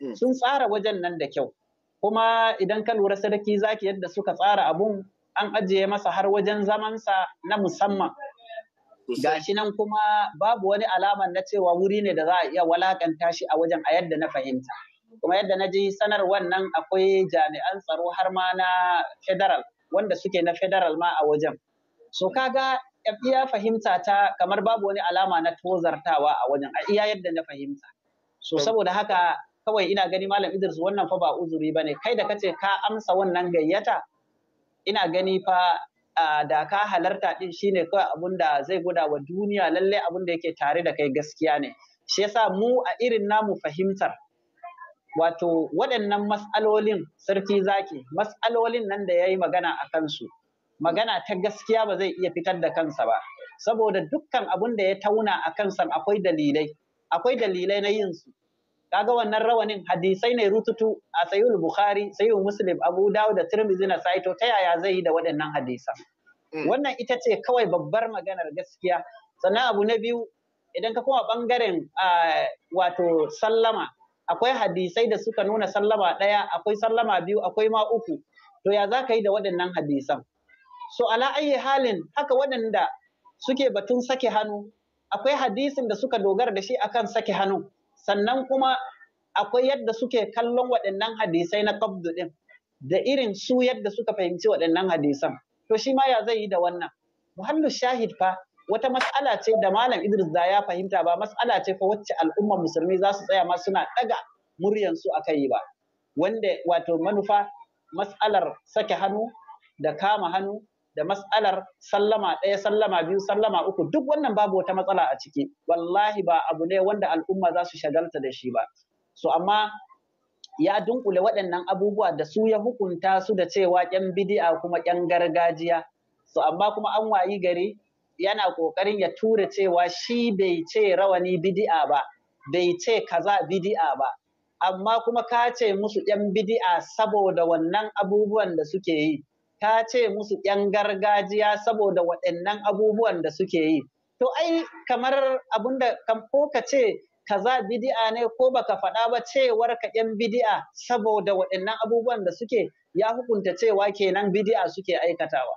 Mm. sun tsara wajen nan da kyau kuma idan ka lura sarki zaki yadda suka tsara abun an ajiye masa har wajen zamansa na musamman gashi nan kuma babu wani alama na cewa wuri ne da za a iya walakanta shi a wajen a yadda na fahimta kuma yadda na ji sanar wannan akwai jami'an tsaro har ma na federal wanda suke na federal ma a wajen so kaga iya fahimta ta kamar babu wani alama na tozartawa a wajen a iya yadda na fahimta so saboda haka kawai ina gani malam Idris wannan fa ba uzuri ba bane kai da kace ka amsa wannan gayyata ina gani fa da ka halarta din shine kawai abun da zai guda wa duniya lalle abun da yake tare da kai gaskiya ne shi yasa mu a irin namu fahimtar wato waɗannan mas'alolin sarki zaki mas'alolin nan da yayi magana a kansu magana ta gaskiya ba zai iya fitar da kansa ba saboda dukkan abun da ya tauna a kansa akwai dalilai akwai dalilai na yin su kaga wannan rawanin hadisai ne rututu a sayul bukhari sayul muslim abu dawud da tirmidhi na saito ta yaya zai yi da waɗannan hadisan mm. wannan ita ce kawai babbar maganar gaskiya sannan abu na biyu idan ka koma bangaren wato sallama akwai hadisai da suka nuna sallama ɗaya akwai sallama biyu akwai ma uku to ya za ka yi da waɗannan hadisan so ala ayi halin haka waɗanda suke batun sake hannu akwai hadisin da suka dogara da shi akan sake hannu sannan kuma akwai yadda suke kallon waɗannan hadisai na kabdu ɗin da irin su yadda suka fahimci waɗannan hadisan to shi ma ya zai yi da wannan muhallu shahid fa wata mas'ala ce da malam Idris da ya fahimta ba mas'ala ce fa wacce al'ummar musulmi za su tsaya ma suna ɗaga muryansu a kai ba wanda wato manufa mas'alar sake hannu da kama hannu da matsalar sallama ɗaya sallama biyu sallama uku duk wannan babu wata matsala a ciki wallahi ba abu ne wanda al'umma za su shagalta da shi ba so amma ya dunkule waɗannan abubuwa da su ya hukunta su da cewa ƴan bidi'a kuma ƴan gargajiya so amma kuma an wayi gari yana ƙoƙarin ya tura cewa shi bai ce rawani bidi'a ba bai ce kaza bidi'a ba amma kuma ka ce musu ƴan bidi'a saboda wannan abubuwan da suke yi ta ce musu ‘yan gargajiya saboda waɗannan abubuwan da suke yi. To ai kamar abinda ko ka ce kaza bidi'a ne ko baka faɗa ba cewar ka ‘yan bidi'a saboda waɗannan abubuwan da suke ya hukunta cewa kenan bidi'a suke aikatawa.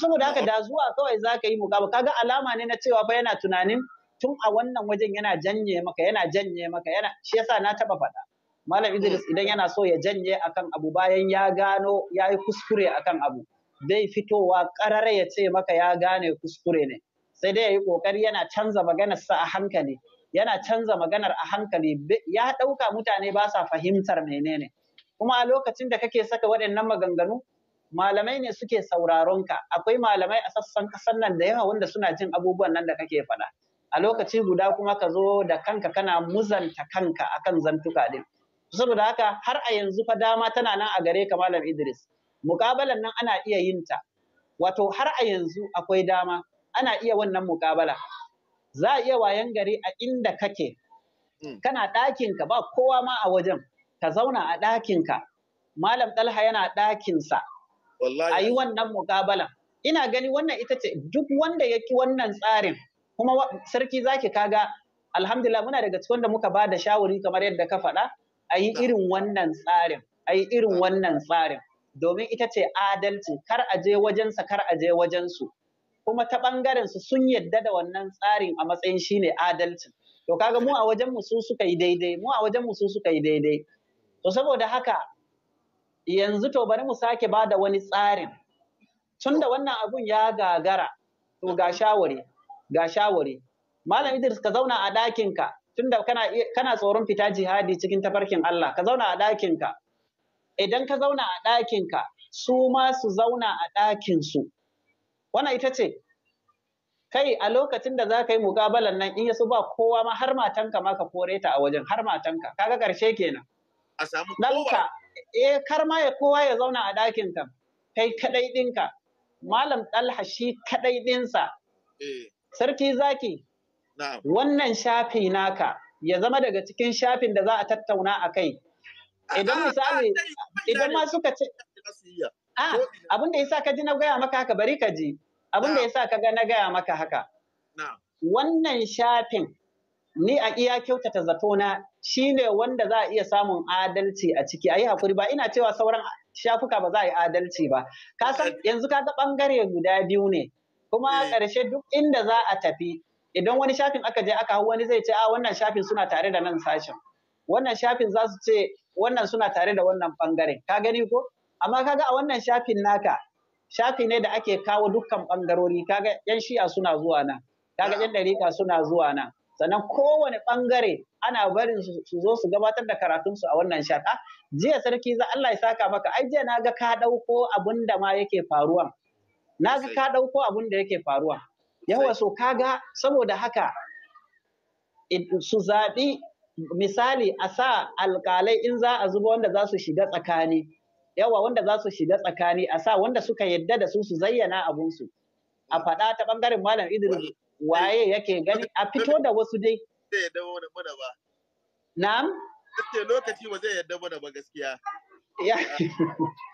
Saboda haka da zuwa kawai za ka yi mukaba kaga alama ne na cewa ba yana tunanin tun a wannan wajen yana janye maka yana janye maka yana shi yasa na taɓa faɗa. Malam Idris idan yana so ya janye akan abu bayan ya gano ya yi kuskure akan abu zai fitowa ƙarare ya ce maka ya gane kuskure ne sai dai ya yi ƙoƙari yana canza maganar sa a hankali yana canza maganar a hankali ya ɗauka mutane ba sa fahimtar menene kuma a lokacin da kake saka waɗannan maganganu malamai ne suke sauraron ka akwai malamai a sassan ƙasar nan da yawa wanda suna jin abubuwan nan da kake faɗa a lokaci guda kuma ka zo da kanka kana muzanta kanka akan zantuka din saboda haka har a yanzu fa dama tana nan a gare ka malam Idris mukabalan nan ana iya yin ta wato har a yanzu akwai dama ana iya wannan muƙabala za a iya wayan gari a inda kake hmm. kana ɗakinka ba kowa ma a wajen ka zauna a ka malam Talha yana ɗakinsa a yi wannan muƙabalan ina gani wannan ita ce duk wanda ya ki wannan tsarin kuma sarki zaki kaga alhamdulillah muna daga cikin da muka ba da shawari kamar yadda ka faɗa a yi irin wannan tsarin a yi irin wannan tsarin domin ita ce adalci kar a je wajensa kar a je wajensu kuma ta ɓangaren su sun yadda da wannan tsarin a matsayin shine adalci to kaga mu a wajen mu su suka yi daidai mu a wajen mu su suka yi daidai to saboda haka yanzu to bari mu sake ba da wani tsarin tun da wannan abun ya gagara to ga shawari ga shawari malam Idris ka zauna a ɗakinka tunda kana kana tsoron fita jihadi cikin tafarkin Allah ka zauna a ɗakinka idan ka zauna a ɗakinka su ma su zauna a ɗakinsu wannan ita ce kai a lokacin da za ka yi mukabalan nan in yasu ba kowa ma har matanka ma ka kore ta a wajen har matanka kaga ƙarshe kenan a samu kowa eh kar ma ya kowa ya zauna a ɗakin ka kai kadai ɗinka malam ɗalha shi kadai ɗinsa eh. sarki zaki wannan shafi naka ya zama daga cikin shafin da za a tattauna a kai idan misali idan ma suka ce a abinda sa ka ji na gaya maka haka bari ka ji abinda sa ka ga na gaya maka haka wannan shafin ni a iya kyautata zatona shine wanda za a iya samun adalci a ciki A yi hakuri ba ina cewa sauran shafuka ba za a yi adalci ba ka san yanzu ka ga bangare guda biyu ne kuma eh. ƙarshe duk inda za a tafi idan wani shafin aka je aka hau wani zai ce a ah, wannan shafin suna tare da nan sashen wannan shafin za su ce wannan suna tare da wannan bangaren ka gani ko amma kaga a wannan shafin naka shafi ne da ake kawo dukkan bangarori kaga yan shi'a suna zuwa nan kaga yan dariƙa suna zuwa nan sannan kowane bangare ana barin su zo su gabatar da karatunsu a wannan shafi ah, jiya sarki za Allah ya saka maka ai jiya na ga ka dauko abun da ma yake faruwa na ga ka dauko abun da yake faruwa yawa so kaga saboda haka su zaɓi misali a sa alƙalai in za a zuba wanda za su shiga tsakani yawa wanda za su shiga tsakani a sa wanda suka yadda da su su zayyana abinsu a faɗa ta ɓangaren malam idris waye yake gani a fito da wasu dai zai yadda mana ba na'am lokaci ba zai yadda mana ba gaskiya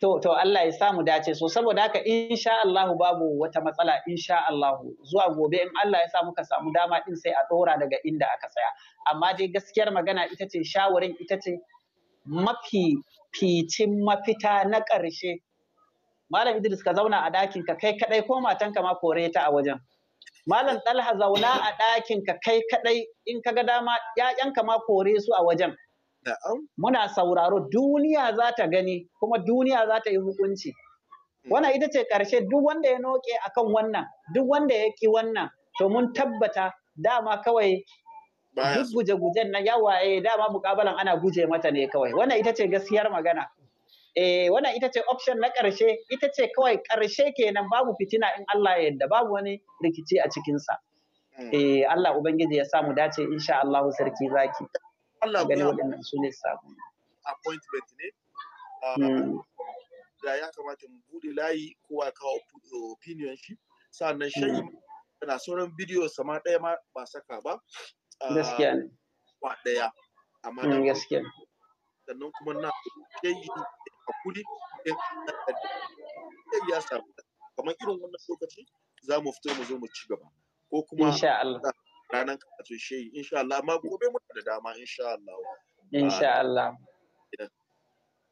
To, Allah ya samu dace so saboda haka insha Allah babu wata matsala insha Allah zuwa gobe in Allah ya sa muka samu dama din sai a ɗora daga inda aka tsaya amma dai gaskiyar magana ita ce shawarin ita ce mafi ficin mafita na ƙarshe Malam Idris ka zauna a ɗakin ka kai kaɗai ko matanka ma kore ta a wajen Malam Talha zauna a ɗakin ka kai kaɗai in ka ga dama ‘ya'yanka ma kore su a wajen. Muna sauraro duniya za ta gani kuma duniya za ta yi hukunci. Hmm. Wannan ita ce ƙarshe duk wanda ya noke akan wannan, duk wanda ya ƙi wannan, to mun tabbata dama kawai duk guje-gujen na yawa eh, dama mukabalan ana guje mata ne kawai. Wannan ita ce gaskiyar magana. eh wannan ita ce option na ƙarshe ita ce kawai ƙarshe kenan babu fitina in Allah ya yarda babu wani rikici a cikin sa hmm. eh Allah ubangiji ya samu dace insha Allah sarki zaki Allah gani waɗannan su ne sabu appointment ne da hmm. ah, ya kamata mu bude layi kowa kawo opinion shi sannan hmm. shayi na sauran bidiyo sama ɗaya ma ba saka ba ah, gaskiya ne Ba ɗaya amma gaskiya sannan kuma na yi. hakuri ya samu kamar irin wannan lokaci za mu fito mu zo mu ci gaba ko kuma insha Allah shehi insha Allah amma gobe da dama insha Allah insha Allah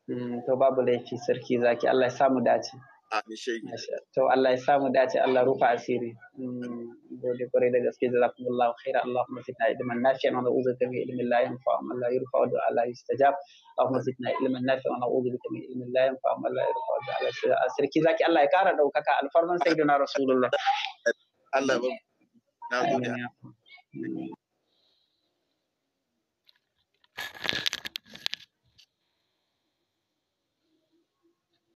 mm, to babu laifi sarki zaki Allah ya samu dace Amin shehi. To Allah ya samu dace Allah rufa asiri. Mm, gode kwarai da gaske da zafin Allah khaira wa wa wa wa zaki Allah ya kara daukaka alfarman sayyidina Rasulullah. Allah ya Na gode.